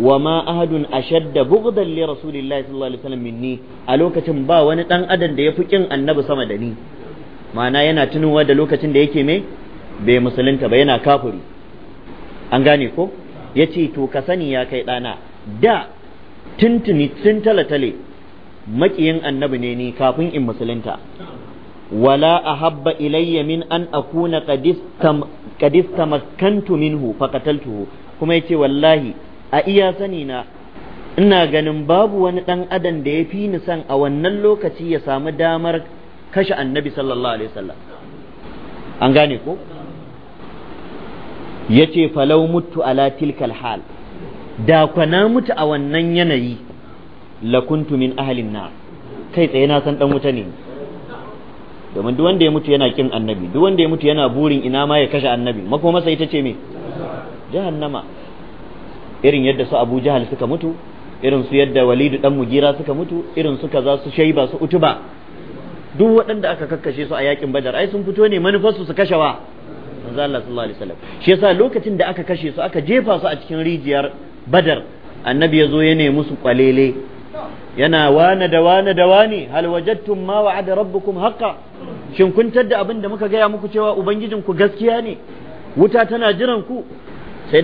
S1: وما أحد أشد بغضا لرسول الله صلى الله عليه وسلم مني ألوكة با ونطن أدن دي فكين النبي صمدني ma'ana yana tunowa da lokacin da yake mai bai musulunta ba yana kafuri an gane ko ya ce to ka sani ya kai ɗana da tuntuni tun talatale maƙiyin annabi ne ni kafin in musulunta wala a habba ilayya min an akuna qad makantu minhu fakataltuhu kuma ce wallahi a iya sani na ina ganin babu wani ɗan adam da ya fi ni san a wannan lokaci ya samu damar kashe annabi sallallahu alaihi wasallam an gane ko Ya ce falau mutu ala tilkal hal da kwana mutu a wannan yanayi lakuntu min ahalin na kai tsaye na san dan wuta ne domin duk wanda ya mutu yana kin annabi duk wanda ya mutu yana burin ina ma ya kashe annabi makoma sa ita ce me jahannama irin yadda su Abu Jahal suka mutu irin su yadda Walidu dan Mugira suka mutu irin su kaza su Shaiba su Utuba duk waɗanda aka kakkashe su a yakin Badar ai sun fito ne manufarsu su kashe wa manzo sallallahu alaihi wasallam shi yasa lokacin da aka kashe su aka jefa su a cikin rijiyar Badar annabi yazo ya nemi musu kwalele yana wane da wane da wane hal wajadtum ma wa'ada rabbukum haqqan shin kun tadda abin da muka gaya muku cewa ubangijin ku gaskiya ne wuta tana jiran ku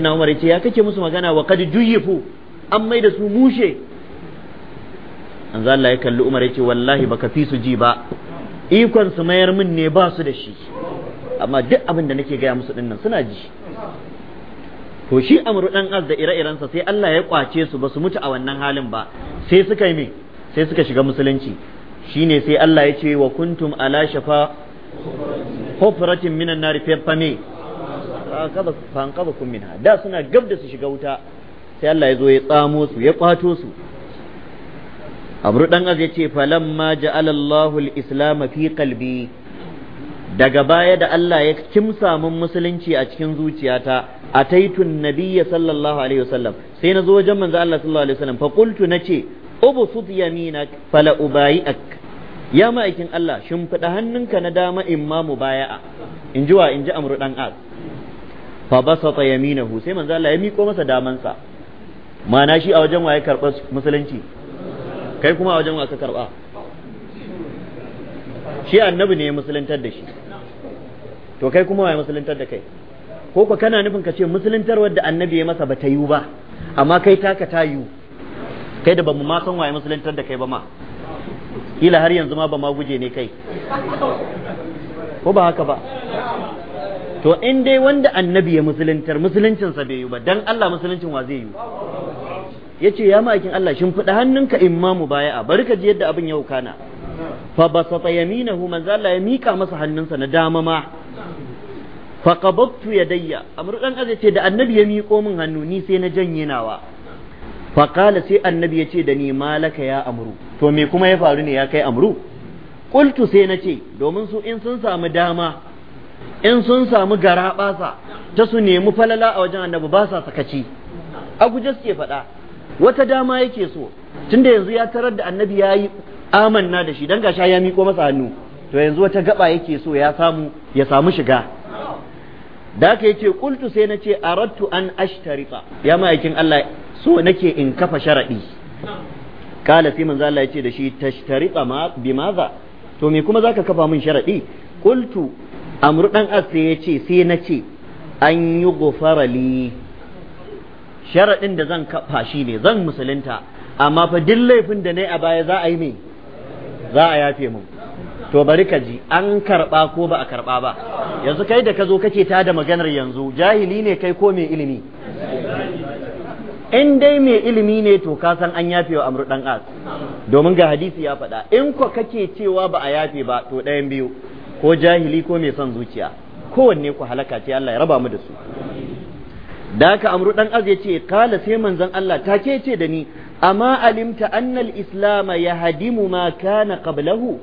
S1: na Umar ya ya kake musu magana wa qad juyifu an mai da su mushe ya kalli Umar ya ce wallahi baka fi su ji ba ikon su mayar min ne ba su da shi amma duk abin da nake gaya musu dinnan suna ji to shi amru dan az da ire-irensa sai Allah ya kwace su ba su mutu a wannan halin ba sai suka yi me sai suka shiga musulunci shine sai Allah ya ce wa kuntum ala shafa hufratin minan nari fefame fanqadhakum minha da suna gab da su shiga wuta sai Allah ya zo ya tsamo su ya kwato su amru dan az ya ce falamma ja'alallahu Allahu al-islam fi qalbi daga baya da Allah ya kimsa mun musulunci a cikin zuciyata taitun nabiyya sallallahu alaihi wasallam sai na zo wajen manzo Allah sallallahu alaihi wasallam fa qultu nace ubsut yaminak fala ubayi'ak ya ma'aikin Allah shimfiɗa hannunka na dama in ma mubaya'a in ji wa in ji amru dan az fa basata yaminahu sai manzo Allah ya miko masa damansa mana shi a wajen waye karɓa musulunci kai kuma a wajen wa ka karɓa shi annabi ne ya musuluntar da shi to kai kuma wai musuluntar da kai ko ko kana nufin ka ce musuluntar wadda annabi ya masa bata yiwu ba amma kai taka ta yiwu kai da bamu ma san wai musuluntar da kai ba ma kila har yanzu ma ba ma guje ne kai ko ba haka ba to in dai wanda annabi ya musuluntar sa bai yiwu ba dan Allah musuluncin wa zai yiwu ya ce ya ma'aikin Allah shin fada hannunka in ma mu bari ka ji yadda abin ya hukana fa basata yaminahu manzo Allah ya mika masa hannunsa na dama ma faqabattu yadayya amru dan azai ce da annabi ya miƙo min hannu ni sai na janye nawa faqala sai annabi ya ce da ni malaka ya amru to me kuma ya faru ne ya kai amru qultu sai na ce domin su in sun samu dama in sun samu gara basa ta su nemi falala a wajen annabi ba sa sakaci a guje suke faɗa wata dama yake so tunda yanzu ya tarar da annabi ya yi amanna da shi dan gasha ya miko masa hannu to yanzu wata gaba yake so ya samu ya samu shiga da yi yace kultu sai na ce arattu an ashtarita ya ma'aikin Allah so nake in kafa sharadi kala fi manzo Allah yace da shi tashtarita ma bimaza to me kuma zaka kafa min sharadi Kultu amru dan as yace sai na ce an yi gofara li sharaɗin da zan kafa shi ne zan musulunta amma fa duk laifin da nayi a baya za a yi me za a yafe mun to bari ka ji an karba ko ba a karɓa ba yanzu kai da ka zo kake ta da maganar yanzu jahili ne kai ko mai ilimi in dai mai ilimi ne to ka san an yafe wa amru dan as domin ga hadisi ya faɗa in ko kake cewa ba a yafe ba to ɗayan biyu ko jahili ko mai son zuciya kowanne ku halaka ce Allah ya raba mu da su da haka amru dan az ya ce kala sai manzon Allah take ce da ni amma alimta annal islama ya hadimu ma kana qablahu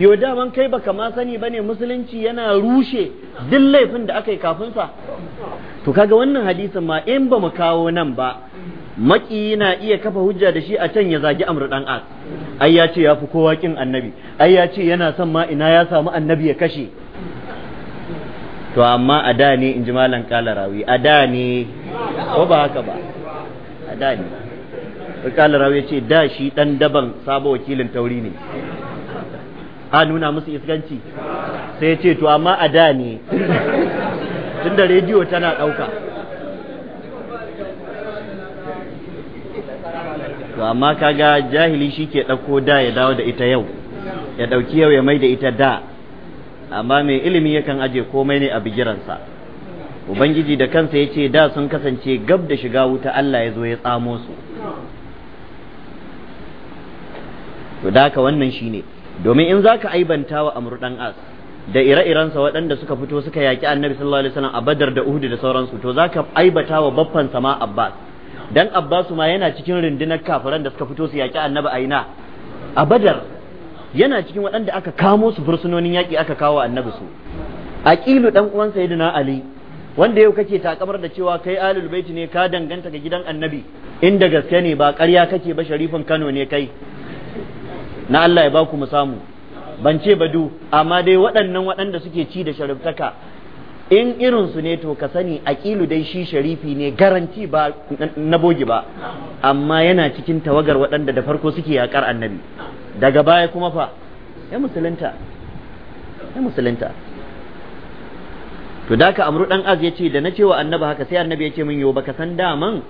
S1: yo daman kai baka ma sani bane musulunci yana rushe duk laifin da aka yi kafin sa to kaga wannan hadisin ma in ba mu kawo nan ba maki na iya kafa hujja da shi a can ya zagi amr dan as ai ya ce ya fi kowa kin annabi ai ya ce yana son ma ina ya samu annabi ya kashe to amma a da ne in ji malam kalarawi a da ne ko ba haka ba a da ne kala rawa ya ce da shi dan daban sabo wakilin tauri ne a nuna musu iskanci sai ya ce to amma a da ne tunda rediyo tana ɗauka to amma kaga jahili shi ke ɗauko da ya dawo da ita yau ya ɗauki yau ya mai da ita da amma mai ilimi yakan aje komai ne a bigiransa ubangiji da kansa ya ce da sun kasance gab da shiga wuta allah ya zo ya tsamo su to da haka wannan shine domin in zaka aibanta wa amru dan as da ire-irensa waɗanda suka fito suka yaki annabi sallallahu alaihi wasallam a badar da uhud da sauransu to zaka aibata wa baffan sama abbas dan abbas ma yana cikin rundunar kafiran da suka fito su yaki annabi a ina a badar yana cikin waɗanda aka kamo su fursunonin yaƙi aka kawo annabi su aqilu dan uwan sayyidina ali wanda yau kake takamar da cewa kai alul baiti ne ka danganta ga gidan annabi inda gaske ne ba ƙarya kake ba sharifin kano ne kai na Allah ya ba ku mu samu ban ce badu amma dai waɗannan waɗanda suke ci da sharabtaka in irin su ne to ka sani aqilu dai shi sharifi ne garanti ba na bogi ba amma yana cikin tawagar waɗanda da farko suke yakar annabi daga baya kuma fa ya musulunta ya musulunta to da amru dan az yace da na cewa annabi haka sai annabi yace min yo baka san daman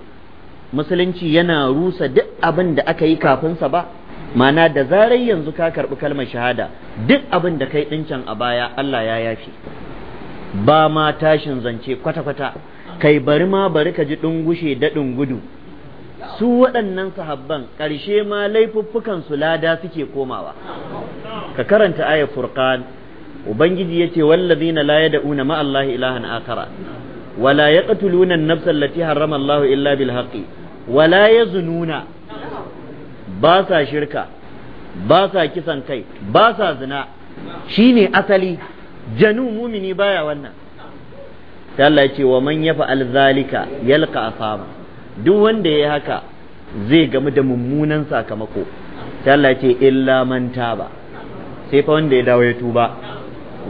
S1: musulunci yana rusa duk abin da aka yi kafin sa ba mana da zarar yanzu ka karɓi kalmar shahada duk abin da kai ɗincan a baya Allah ya yafi ba ma tashin zance kwata-kwata kai bari ma bari ka ji ɗungushe daɗin gudu su waɗannan sahabban ƙarshe ma laifuffukan su lada suke komawa ka karanta ayat furqan ubangiji yace wallazina la yad'una ma allahi ilahan akara wala yaqtuluna an-nafsa allati harrama allahu illa bil haqqi wala yazununa ba sa shirka ba sa kisan kai ba sa zina shi ne asali janu mumini baya wannan ta Allah ce wa man yafa alzalika yalqa asaba duk wanda yayi haka zai gamu da mummunan sakamako ta Allah ce illa man taba sai fa wanda ya dawo ya tuba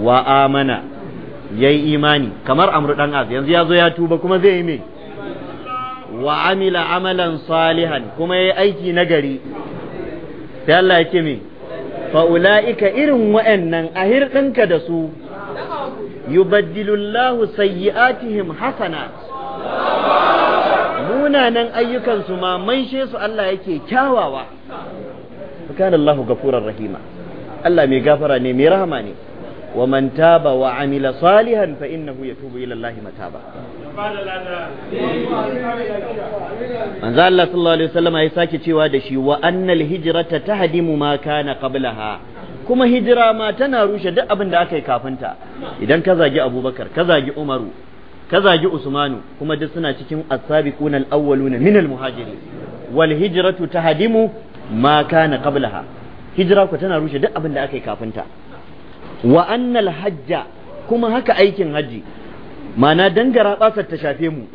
S1: wa amana yayi imani kamar amru dan az yanzu ya zo ya tuba kuma zai yi me wa amila amalan salihan kuma yayi aiki na sai Allah yake me fa irin wa'annan ahir ɗinka da su yubaddilu Allah sayyi'atihim Hassana, munanan ayyukansu ma manshe su Allah yake kyawawa kana Allah gafurar rahima Allah mai gafara ne mai rahama ne wa manta ba wa amila salihan fa innahu yatubu ila Allah mataba manzo Allah sallallahu alaihi wasallam ya sake cewa da shi wa annal hijrata tahdimu ma kana qablaha kuma hijira ma tana rushe duk abin aka yi kafinta idan kazagi Abubakar kazagi Umaru kazagi Usmanu kuma duk suna cikin as-sabiquna al muhajiri min ta muhajirin wal hijratu qablaha hijira tana rushe duk abinda aka yi kafinta wa annal hajja kuma haka aikin haji mana dangara basar ta shafe mu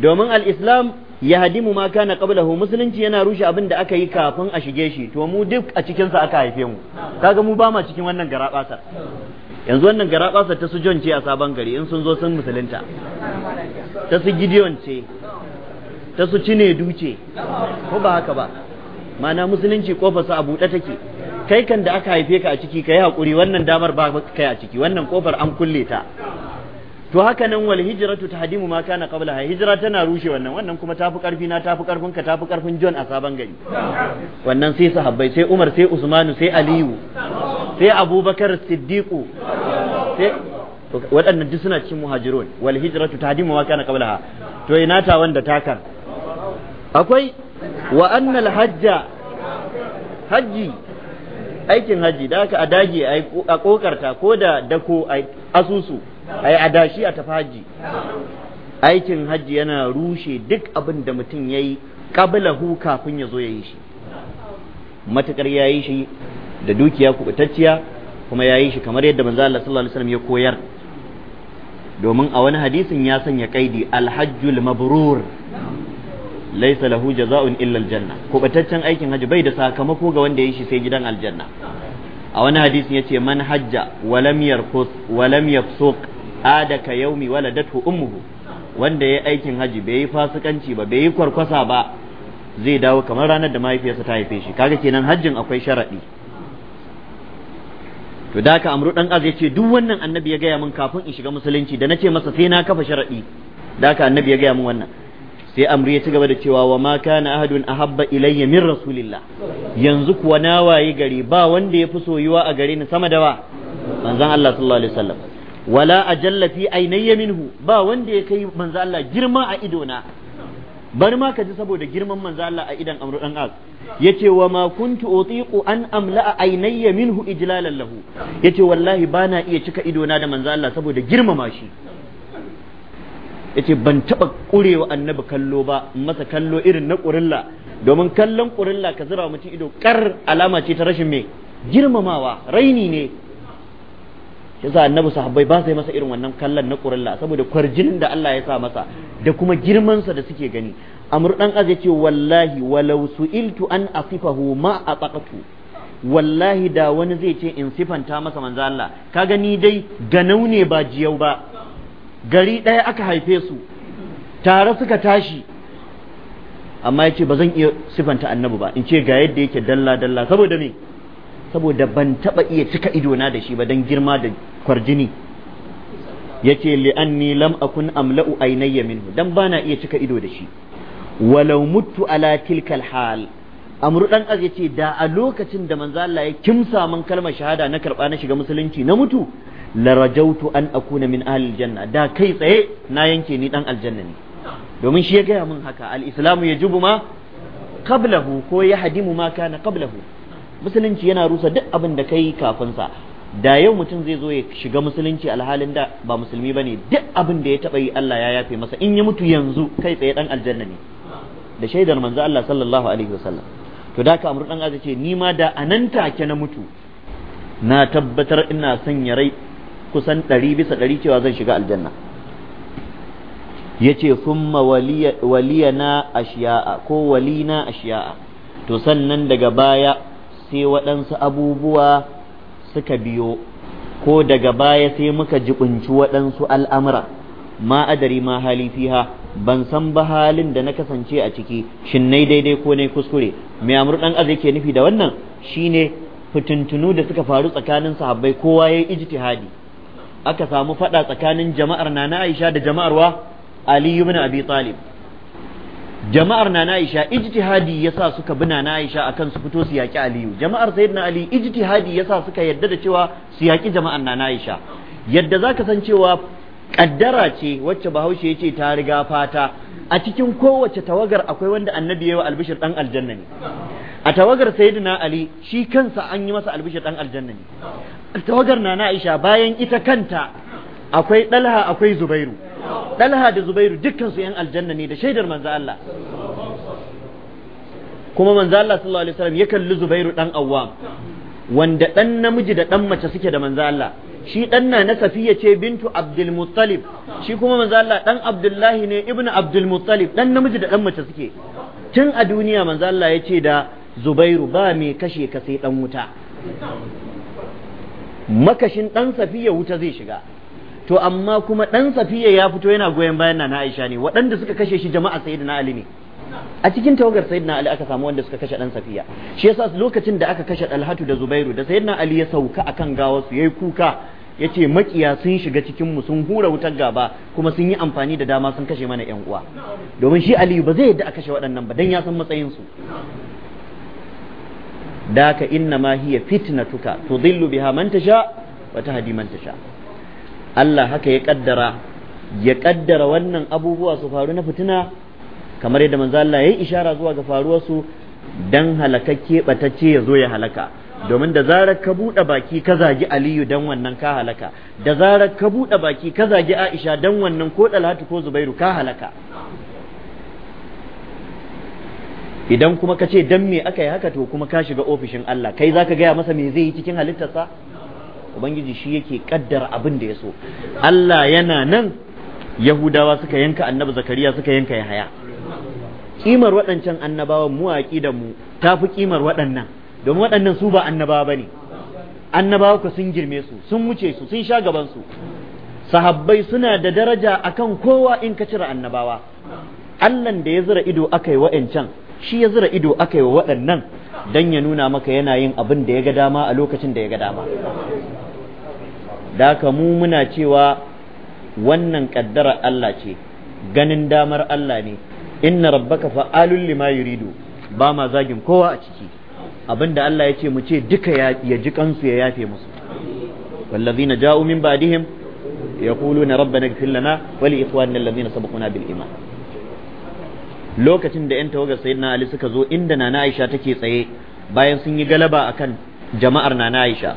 S1: domin al-islam ya hadimu ma kana qablahu musulunci yana rushe abin da aka yi kafin a shige shi to mu duk a cikin sa aka haife mu kaga mu ba ma cikin wannan garabasar yanzu wannan garabasar ta su John a sabon gari in sun zo sun musulunta
S2: ta su Gideon
S1: ce ta su Cine Duce ko ba haka ba mana musulunci su a buɗe take kai kan da aka haife ka a ciki kai haƙuri wannan damar ba kai a ciki wannan kofar an kulle ta to haka nan wal hijratu tahdimu ma kana qablaha hijira tana rushe wannan wannan kuma tafi karfi na tafi karfin ka tafi karfin John a sabon gari wannan sai sahabbai sai Umar sai Usmanu sai Aliyu sai Abubakar Siddiqu sai waɗannan duk suna cikin muhajirun wal hijratu tahdimu ma kana qablaha to ina ta wanda takar akwai wa anna hajja haji aikin haji da aka a dage a kokarta ko da dako a asusu a yi adashi a tafi haji aikin haji yana rushe duk abin da mutum ya yi kabilahu kafin ya zo ya yi shi matukar ya yi shi da dukiya kubutacciya kuma ya yi shi kamar yadda manzo Allah sallallahu alaihi wasallam ya koyar domin a wani hadisin ya sanya kaidi alhajjul mabrur laisa lahu jaza'un illa aljanna bataccen aikin haji bai da sakamako ga wanda ya shi sai gidan aljanna a wani hadisin yace man hajja wa lam yarfus wa lam yafsuq adaka yawmi waladatu ummuhu wanda ya aikin haji bai yi fasikanci ba bai yi kwarkwasa ba zai dawo kamar ranar da mahaifiyarsa ta haife shi kaga kenan hajjin akwai sharadi to da ka amru dan az yace duk wannan annabi ya gaya min kafin in shiga musulunci da nace masa sai na kafa sharadi da ka annabi ya gaya min wannan sai amri ya ci gaba da cewa wa ma kana ahadun ahabba ilayya min rasulillah yanzu kuwa na waye gari ba wanda ya fi soyuwa a gare ni sama da ba manzon Allah sallallahu alaihi wasallam wala ajalla fi aynayya minhu ba wanda ya kai manzon Allah girma a ido na bar ma ka ji saboda girman manzon Allah a idan amru dan az yace wa ma kuntu utiqu an amla ainayya minhu ijlalan lahu yace wallahi bana iya cika ido na da manzon Allah saboda girmama shi yace ban taɓa ƙurewa annabi kallo ba masa kallo irin na kurilla domin kallon kurilla ka zira mutum ido kar alama ce ta rashin me girmamawa raini ne yasa annabi sahabbai ba sai masa irin wannan kallon na kurilla saboda kwarjinin da Allah ya sa masa da kuma girmansa da suke gani amur dan az yace wallahi walau su'iltu an asifahu ma ataqatu wallahi da wani zai ce in sifanta masa manzo Allah kaga ni dai ganau ne ba jiyau ba gari ɗaya aka haife su tare suka tashi amma ya ce ba zan iya sifanta annabi ba in ce ga yadda yake dalla dalla saboda me saboda ban taba iya cika idona da shi ba don girma da kwarjini yace li'an ni lam akun amla'u aynayya minhu dan bana iya cika ido da shi walau mutu ala tilkal hal amru dan az ce da a lokacin da manzo Allah ya kimsa man kalmar shahada na karba na shiga musulunci na mutu larajautu an akuna min ahli janna da kai tsaye na yanke ni dan aljanna ne domin shi ya gaya mun haka al-islamu yajibu ma qablahu ko ya hadimu ma kana qablahu musulunci yana rusa duk abin da kai kafin sa da yau mutum zai zo ya shiga musulunci alhalin da ba musulmi bane duk abin da ya taba yi Allah ya yafe masa in ya mutu yanzu kai tsaye dan aljanna ne da shaidar manzo Allah sallallahu alaihi wasallam to da ka amru dan ce ni ma da anan take na mutu na tabbatar ina sanya rai kusan ɗari bisa ɗari cewa zan shiga aljanna yace ce waliya waliyana ashiya'a ko walina ashiya'a to sannan daga baya sai waɗansu abubuwa suka biyo ko daga baya sai muka jikunci waɗansu al'amura ma adari ma hali fiha ban san ba halin da na kasance a ciki shin nai daidai ko nai kuskure mai amur dan azai ke nufi da wannan shine fitintunu da suka faru tsakanin sahabbai kowa yayi ijtihadi aka samu fada tsakanin jama'ar nana Aisha da jama'ar wa Ali ibn Abi Talib jama'ar nana Aisha ijtihadi yasa suka bi nana Aisha akan su fito su yaki Aliyu jama'ar Sayyidina Ali ijtihadi yasa suka yadda da cewa su yaki jama'ar nana Aisha yadda zaka san cewa kaddara ce wacce Bahaushe yace ta riga fata a cikin kowace tawagar akwai wanda annabi ya albishir dan aljanna ne a tawagar sayyidina ali shi kansa an yi masa albishir dan aljanna ne a tawagar nana aisha bayan ita kanta akwai dalha akwai zubairu dalha da zubairu dukkan su yan aljanna ne da shaidar manzo Allah kuma manzo Allah sallallahu alaihi wasallam ya kalli zubairu dan awwam wanda dan namiji da dan mace suke da manzo Allah shi dan na na safiya ce bintu abdul muttalib shi kuma manzo Allah dan abdullahi ne ibnu abdul muttalib dan namiji da dan mace suke tun a duniya manzo Allah ya ce da zubairu ba mai kashe ka sai ɗan wuta makashin ɗan safiya wuta zai shiga to amma kuma ɗan safiya ya fito yana goyon bayan na Aisha ne waɗanda suka kashe shi jama'a sayyidina Ali ne a cikin tawagar sayyidina Ali aka samu wanda suka kashe dan safiya shi yasa lokacin da aka kashe Dalhatu da Zubairu da sayyidina Ali ya sauka akan gawar su yayi kuka yace makiya sun shiga cikin mu sun hura wutar gaba kuma sun yi amfani da dama sun kashe mana yan uwa domin shi Ali ba zai yadda a kashe waɗannan ba dan ya san matsayin su daka inna ma hiya fitnatuka tudillu biha man tasha wa tahdi man tasha Allah haka ya kaddara ya kaddara wannan abubuwa su faru na fitina kamar yadda manzo Allah yi ishara zuwa ga faruwar su dan halakakke batacce ya zo ya halaka domin da zarar ka buɗe baki ka zagi Aliyu dan wannan ka halaka da zarar ka buɗe baki ka zagi Aisha dan wannan ko Dalhatu ko Zubairu ka halaka idan kuma ka ce dan me aka yi haka to kuma ka shiga ofishin Allah kai za ka gaya masa me zai yi cikin halittarsa ubangiji shi yake kaddara abin da ya so Allah yana nan yahudawa suka yanka annabi zakariya suka yanka yahaya kimar waɗancan annabawan mu da mu ta fi kimar waɗannan domin waɗannan su ba annabawa bane annabawa ku sun girme su sun wuce su sun sha gaban su sahabbai suna da daraja akan kowa in ka cire annabawa Allah da ya zira ido aka yi wa'ancan shi ya zura ido aka yi wa waɗannan don ya nuna maka yana yin abin da ya ga dama a lokacin da ya ga dama da mu muna cewa wannan ƙaddarar Allah ce ganin damar Allah ne inna rabbaka fa'alun lima yuridu ba ma zagin kowa a ciki da Allah ya ce mu ce duka ya ji kansu ya yafe musu wallazina ja'u min ba'dihim Rabba na ighfir lana wa li ikhwanina alladhina sabaquna bil iman lokacin da 'yan tawagar sayyidina ali suka zo inda nana aisha take tsaye bayan sun yi galaba akan jama'ar nana aisha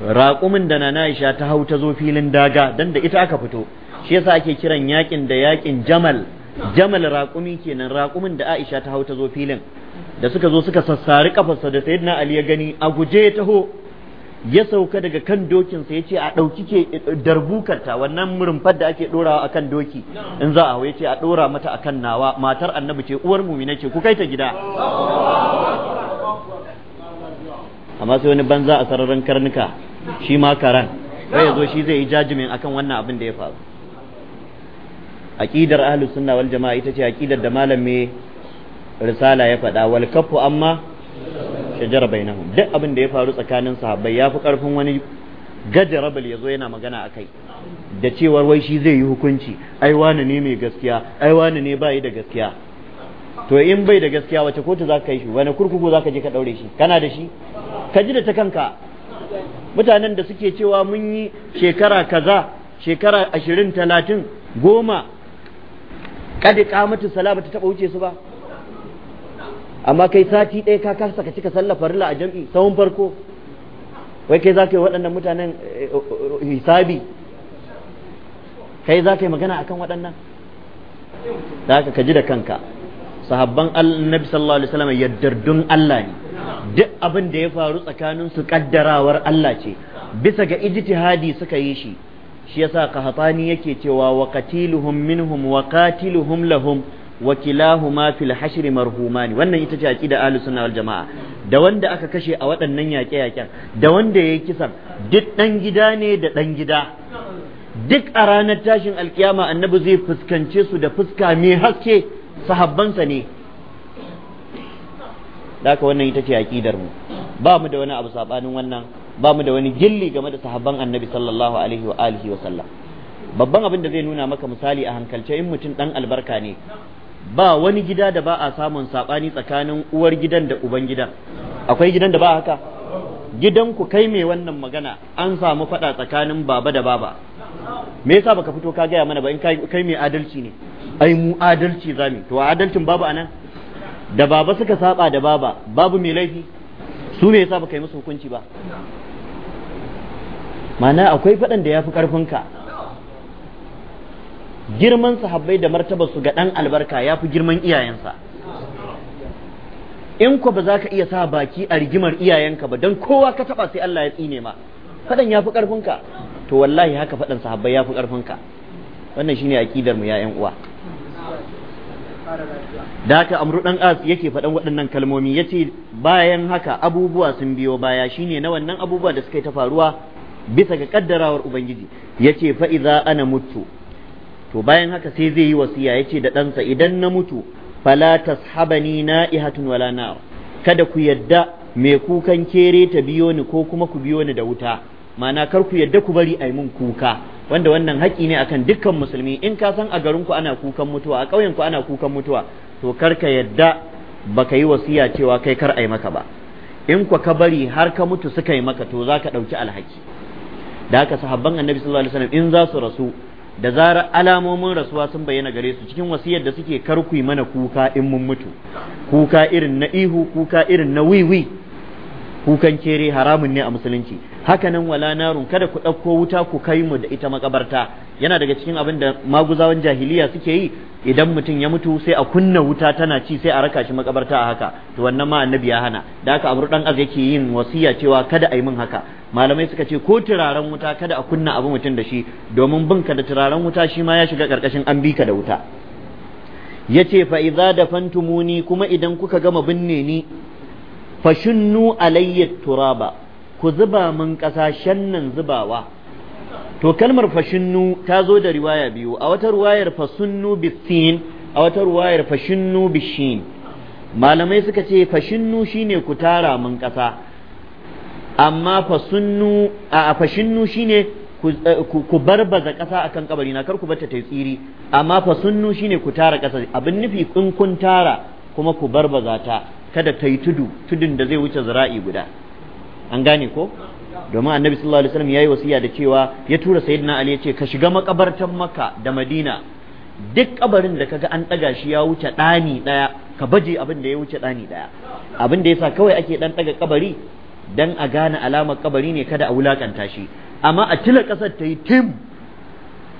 S1: raƙumin da nana aisha ta hau ta zo filin daga dan da ita aka fito shi yasa ake kiran yakin da yakin jamal jamal raƙumi kenan raƙumin da aisha ta hau ta zo filin da suka zo suka sassari kafarsa da sayyidina ali ya gani a guje ya taho ya sauka daga kan dokinsa ya ce a ɗauki ke eh, darbukarta wannan rumfar da ake ɗorawa a kan doki in za a hau ya ce a ɗora mata a kan nawa matar annabi ce uwar mumina ce ku kai ta gida amma sai wani banza a sararin karnuka shi ma karan sai ya zo shi zai yi jajimin akan wannan abin da ya faru aqidar ahlus sunna wal jamaa ita ce aqidar da malam mai risala ya faɗa wal kaffu amma shajara bainahum duk abin da ya faru tsakanin sahabbai ya fi karfin wani gajarabal ya zo yana magana a kai da cewar wai shi zai yi hukunci ai wani ne mai gaskiya ai wani ne bai da gaskiya to in bai da gaskiya wace kotu za ka yi shi wani kurkuku za ka je ka ɗaure shi kana da shi ka ji da ta kanka mutanen da suke cewa mun yi shekara kaza shekara ashirin talatin goma kadi kamatu sala ta taɓa wuce su ba amma kai sati ɗaya ka kasa ka cika sallah farilla a jam'i tsawon farko wai kai za ka yi waɗannan mutanen eh, hisabi kai za ka yi magana kan waɗannan da aka ka ji da kanka sahabban annabi sallallahu alaihi wasallam yaddardun Allah ne duk abin da ya faru tsakanin su kaddarawar Allah ce bisa ga ijtihadi suka yi shi shi yasa qahtani yake cewa wa qatiluhum minhum wa qatiluhum lahum wa kilahuma fil hashri marhumani wannan ita ce aqida ahlus sunna wal jamaa da wanda aka kashe a waɗannan yaƙe yaƙen da wanda yayi kisan duk dan gida ne da dan gida duk a ranar tashin alkiyama annabi zai fuskance su da fuska mai haske sahabbansa ne haka wannan ita ce aqidar mu ba mu da wani abu sabanin wannan ba mu da wani gilli game da sahabban annabi sallallahu alaihi wa alihi wa sallam babban abin da zai nuna maka misali a hankalce in mutum dan albarka ne ba wani gida da ba a samun saɓani tsakanin uwar gidan da uban gidan akwai gidan da ba haka gidan ku kai mai wannan magana an samu faɗa tsakanin baba da baba me yasa baka fito ka gaya mana ba in kai mai adalci ne ai mu adalci zamu to adalcin babu anan da baba suka saba da baba babu mai laifi su me yasa baka yi musu hukunci ba mana akwai faɗan da yafi karfin ka girman sahabbai da martabar su ga dan albarka ya fi girman iyayensa in ko ba za ka iya sa baki a rigimar iyayenka ba don kowa ka taba sai Allah ya tsine ma fadan ya fi ƙarfinka, to wallahi haka fadan sahabbai ya fi ƙarfinka. wannan shine akidar mu ya uwa da haka amru dan as yake faɗan waɗannan kalmomi yace bayan haka abubuwa sun biyo baya shine na wannan abubuwa da suka yi ta faruwa bisa ga kaddarawar ubangiji yace fa iza ana mutu to bayan haka sai zai yi wasiya yace da ɗansa idan na mutu fala tashabani na'ihatun wala nar kada ku yadda mai kukan kere ta biyo ni ko kuma ku biyo ni da wuta ma'ana kar ku yadda ku bari a ai mun kuka wanda wannan haƙi ne akan dukkan musulmi in ka san a ku ana kukan mutuwa a ku ana kukan mutuwa to kar ka yadda baka yi wasiya cewa kai kar ai maka ba in kwa ka bari har ka mutu suka yi maka to za ka ɗauki alhaki da haka sahabban annabi sallallahu alaihi wasallam in za su rasu da zarar alamomin rasuwa sun bayyana gare su cikin wasiyar da suke karkui mana kuka in mun mutu kuka irin na ihu kuka irin na wiwi kukan kere haramun ne a musulunci haka nan wala narun kada ku ɗauko wuta ku kai mu da ita makabarta yana daga cikin abin da maguzawan jahiliya suke yi idan mutum ya mutu sai a kunna wuta tana ci sai a raka shi makabarta a haka to wannan ma annabi ya hana da haka abur dan az yake yin wasiya cewa kada a yi min haka malamai suka ce ko turaren wuta kada a kunna abu mutum da shi domin bin ka da turaren wuta shi ma ya shiga karkashin an bi ka da wuta yace fa idza dafantumuni kuma idan kuka gama binne ni fashunnu alayya turaba ku zuba mun ƙasa nan zubawa to kalmar fashinnu ta zo da riwaya biyu a wata ruwayar fasunnu bisin a wata ruwayar fashinnu bishin malamai suka ce fashinnu shine ku tara mun ƙasa amma fasunnu a fashinnu shine ku eh, barbaza ƙasa akan kabari na kar ku bata ta tsiri amma fasunnu shine ku tara ƙasa abin nufi kun kun tara kuma ku barbaza ta kada ta yi tudu tudun da zai wuce zira'i guda an gane ko domin annabi sallallahu alaihi wasallam yayi wasiya da cewa ya tura sayyidina ali ya ce ka shiga makabartan makka da madina duk kabarin da kaga an daga shi ya wuce dani daya ka baje abin da ya wuce dani daya abin da yasa kawai ake dan daga kabari dan a gane alamar kabari ne kada a wulakanta shi amma a tila kasar ta yi tim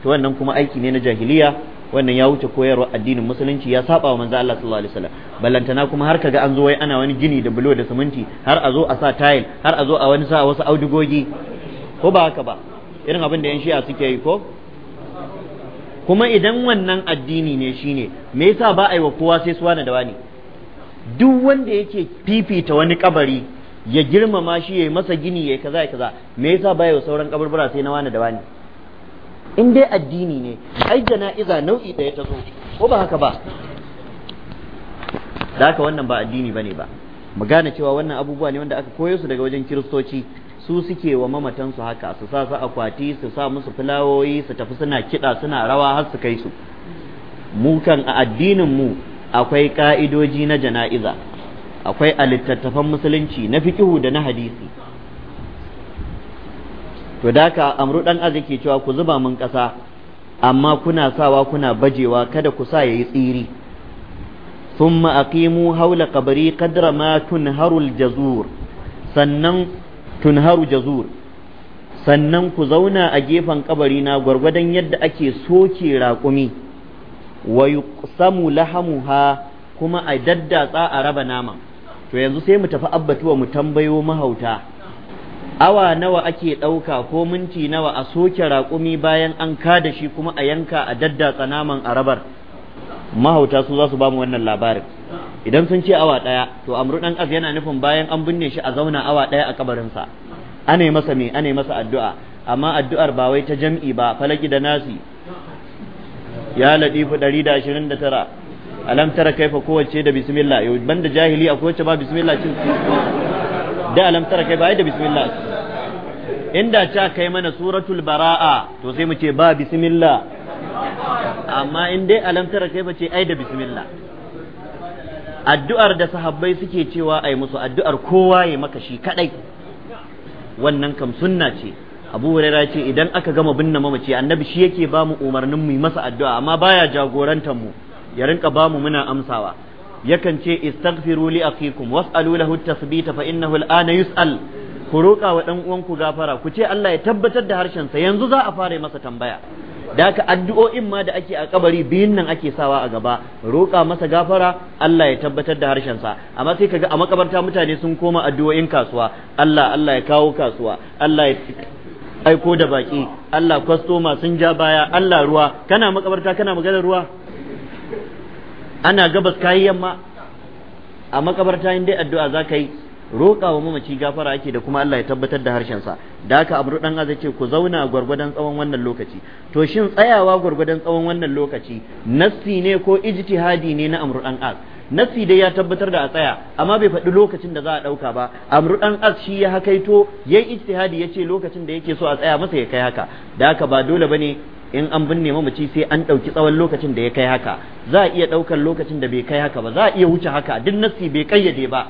S1: to wannan kuma aiki ne na jahiliya wannan ya wuce koyarwa addinin musulunci ya saba wa manzo Allah sallallahu alaihi wasallam ballantana kuma har kaga an zo wai ana wani gini da bulo da siminti har a zo a sa tile har a zo a wani sa wasu audugogi ko ba haka ba irin abin da yan shi'a suke yi ko kuma idan wannan addini ne shine me yasa ba a yi wa kowa sai suwa na dawani duk wanda yake fifita wani kabari ya girmama shi ya yi masa gini ya yi kaza ya kaza me yasa ba ya sauran kaburbura sai na wani dawani. in dai addini ne ai jana'iza nau'i ɗaya ta zo ko ba haka ba da haka wannan ba addini bane ba mu gane cewa wannan abubuwa ne wanda aka koyo su daga wajen kiristoci su suke wa mamatan su haka su sa su akwati su sa musu fulawoyi su tafi suna kiɗa suna rawa har su kai su mu kan a addinin mu akwai ka'idoji na jana'iza akwai a littattafan musulunci na fiqihu da na hadisi to da ka amru dan aziki cewa ku zuba mun ƙasa amma kuna sawa kuna bajewa kada ku sa yayi tsiri thumma aqimu hawla qabri qadra ma tunharu jazur sannan tunharu jazur sannan ku zauna a gefen kabari na gwargwadon yadda ake soke raƙumi wa yuqsamu lahamuha kuma a daddatsa a raba naman to yanzu sai mu tafi abbatuwa mu tambayo mahauta awa nawa ake ɗauka ko minti nawa a soke raƙumi bayan an da shi kuma a yanka a daddatsa naman rabar. mahauta su za su bamu wannan labarin idan sun ce awa ɗaya to amru ɗan az yana nufin bayan an binne shi a zauna awa ɗaya a kabarinsa ane masa me ane masa addu'a amma addu'ar ba wai ta jam'i ba falaki da nasi ya latifu ɗari da ashirin da tara alam tara kaifa kowace da bismillah yau banda jahili a kowace ba bismillah cin da alam tara kai ba da bismillah inda ta kai mana suratul bara'a to sai mu ce ba bismillah amma in dai alam kai ba ce ai da bismillah addu'ar da sahabbai suke cewa ai musu addu'ar kowa ya maka shi kadai wannan kam sunna ce abu huraira ce idan aka gama binne mamaci annabi shi yake ba mu umarnin mu yi masa addu'a amma baya jagorantar mu ya rinka ba mu muna amsawa yakan ce istaghfiru li akikum was'alu lahu at-tathbita fa innahu al-ana yus'al ku roƙa wa dan uwanku gafara ku ce Allah ya tabbatar da harshen sa yanzu za a fara masa tambaya da ka addu'o'in ma da ake a kabari biyun nan ake sawa a gaba roƙa masa gafara Allah ya tabbatar da harshen sa amma sai kaga a makabarta mutane sun koma addu'o'in kasuwa Allah Allah ya kawo kasuwa Allah ya aiko da baki Allah kwastoma sun ja baya Allah ruwa kana makabarta kana maganar ruwa ana gabas kayi yamma a makabarta in dai addu'a za ka yi roƙa wa mamaci gafara ake da kuma Allah ya tabbatar da harshensa da haka abu dan azai ce ku zauna gwargwadon tsawon wannan lokaci to shin tsayawa gwargwadon tsawon wannan lokaci nassi ne ko ijtihadi ne na amru dan az nassi dai ya tabbatar da a tsaya amma bai faɗi lokacin da za a ɗauka ba amru dan az shi ya hakaito yayi ijtihadi ce lokacin da yake so a tsaya masa ya kai haka da haka ba dole bane in an binne mamaci sai an ɗauki tsawon lokacin da ya kai haka za a iya ɗaukar lokacin da bai kai haka ba za a iya wuce haka duk nassi bai ƙayyade ba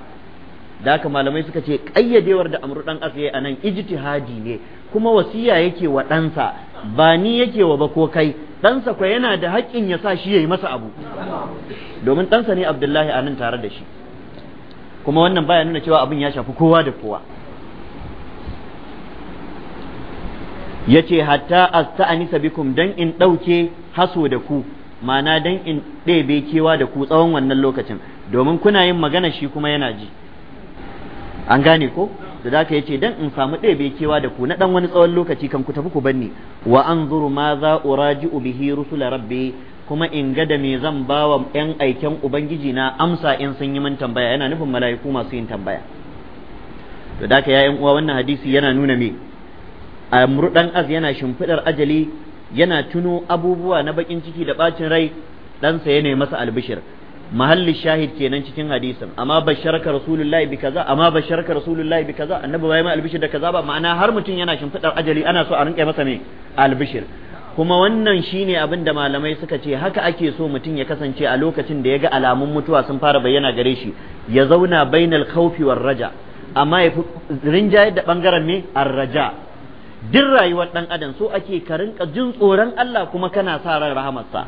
S1: da haka malamai suka ce ƙayyadewar da amru ɗan asiye a nan ijtihadi ne kuma wasiya yake wa ɗansa ba ni yake wa ba ko kai ɗansa kwa yana da haƙƙin ya sa shi ya yi masa abu domin ɗansa ne abdullahi a nan tare da shi kuma wannan baya nuna cewa abin ya shafi kowa da kowa yace hatta anisa bikum dan in dauke haso da ku ma'ana dan in ɗebe kewa da ku tsawon wannan lokacin domin kuna yin magana shi kuma yana ji an gane ko da zaka yace dan in samu ɗebe kewa da ku na dan wani tsawon lokaci kan ku tafi ku banni wa zuru ma za uraji'u bihi rusula rabbi kuma in ga da me zan ba wa yan aiken ubangiji na amsa in sun yi min tambaya yana nufin mala'iku masu yin tambaya to da ka ya uwa wannan hadisi yana nuna me amru murdan az yana shimfidar ajali yana tuno abubuwa na bakin ciki da bacin rai ɗansa ya nemi masa albishir mahalli shahid kenan cikin hadisin amma basharaka rasulullahi bi kaza amma basharaka rasulullahi bi kaza annabi bai mai albishir da kaza ba ma'ana har mutum yana shimfidar ajali ana so a rinka masa ne albishir kuma wannan shine abin da malamai suka ce haka ake so mutum ya kasance a lokacin da ya ga alamun mutuwa sun fara bayyana gare shi ya zauna bainal khawfi war raja amma ya rinjayar da bangaren ne ar raja duk rayuwar ɗan adam so ake ka rinka jin tsoron Allah kuma kana sa ran rahamarsa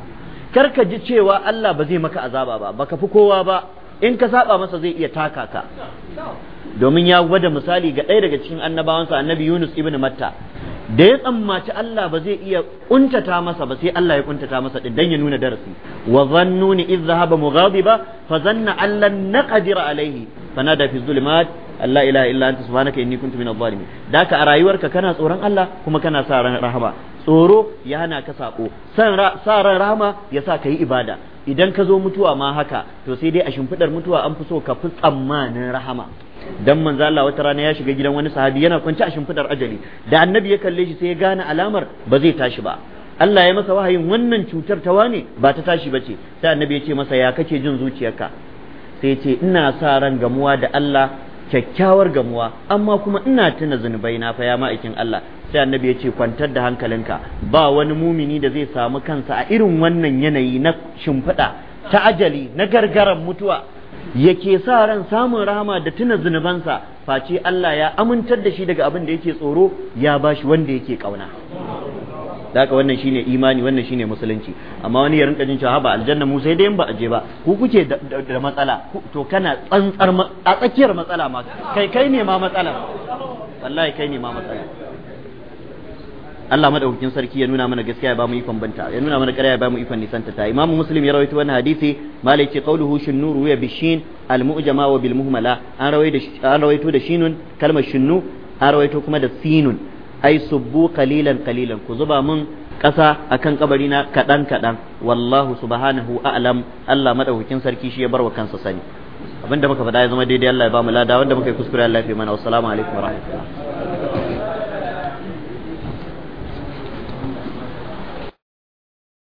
S1: kar ka ji cewa Allah ba zai maka azaba ba baka fi kowa ba in ka saba masa zai iya taka ka domin ya gwada misali ga ɗaya daga cikin annabawansa annabi Yunus ibn Matta da ya tsammaci Allah ba zai iya kuntata masa ba sai Allah ya kuntata masa din dan ya nuna darasi wa zannuni idh dhahaba mughadiba fa zanna an lan alaihi alayhi nada fi zulumat Allah ilaha illa anta subhanaka inni kuntu minadh zalimin daka a rayuwarka kana tsoron Allah kuma kana sa ran rahama tsoro ya hana ka sako san sa ran rahama ya sa ka yi ibada idan ka zo mutuwa ma haka to sai dai a shimfidar mutuwa an fi so ka fi tsammanin rahama dan manzo Allah wata rana ya shiga gidan wani sahabi yana kwance a shimfidar ajali da annabi ya kalle shi sai ya gane alamar ba zai tashi ba Allah ya masa wahayin wannan cutar ta wane ba ta tashi bace sai annabi ya ce masa ya kake jin zuciyarka sai ce ina sa ran gamuwa da Allah kyakkyawar gamuwa amma kuma ina tuna zunubai na fa ya ma'aikin Allah sai annabi ya ce kwantar da hankalinka ba wani mumini da zai samu kansa a irin wannan yanayi na shimfiɗa ta ajali na gargaran mutuwa yake sa ran samun rahama da tuna zunubansa face Allah ya amintar da shi daga abin da yake tsoro ya bashi wanda yake ƙauna. da haka wannan shine imani wannan shine musulunci amma wani ya rinka jin cewa ba aljanna mu sai dai ba aje ba ku kuke da matsala to kana tsantsar a tsakiyar matsala ma kai kai ne ma matsala wallahi kai ne ma matsala Allah madaukakin sarki ya nuna mana gaskiya ya ba mu ikon banta ya nuna mana ƙarya ya ba mu ikon nisanta ta imamu Muslim ya rawaito wannan hadisi malai qauluhu shunnuru ya bishin al-mu'jama wa bil muhmala an rawaito da shinun kalmar shinnu an rawaito kuma da sinun ai subbu qalilan qalilan ku zuba mun ƙasa akan kabari na kaɗan kaɗan wallahu subhanahu a'lam Allah madaukakin sarki shi ya barwa kansa sani abinda muka faɗa ya zama daidai Allah ya ba mu lada wanda muka yi kuskure Allah ya fi mana wassalamu alaikum
S2: warahmatullahi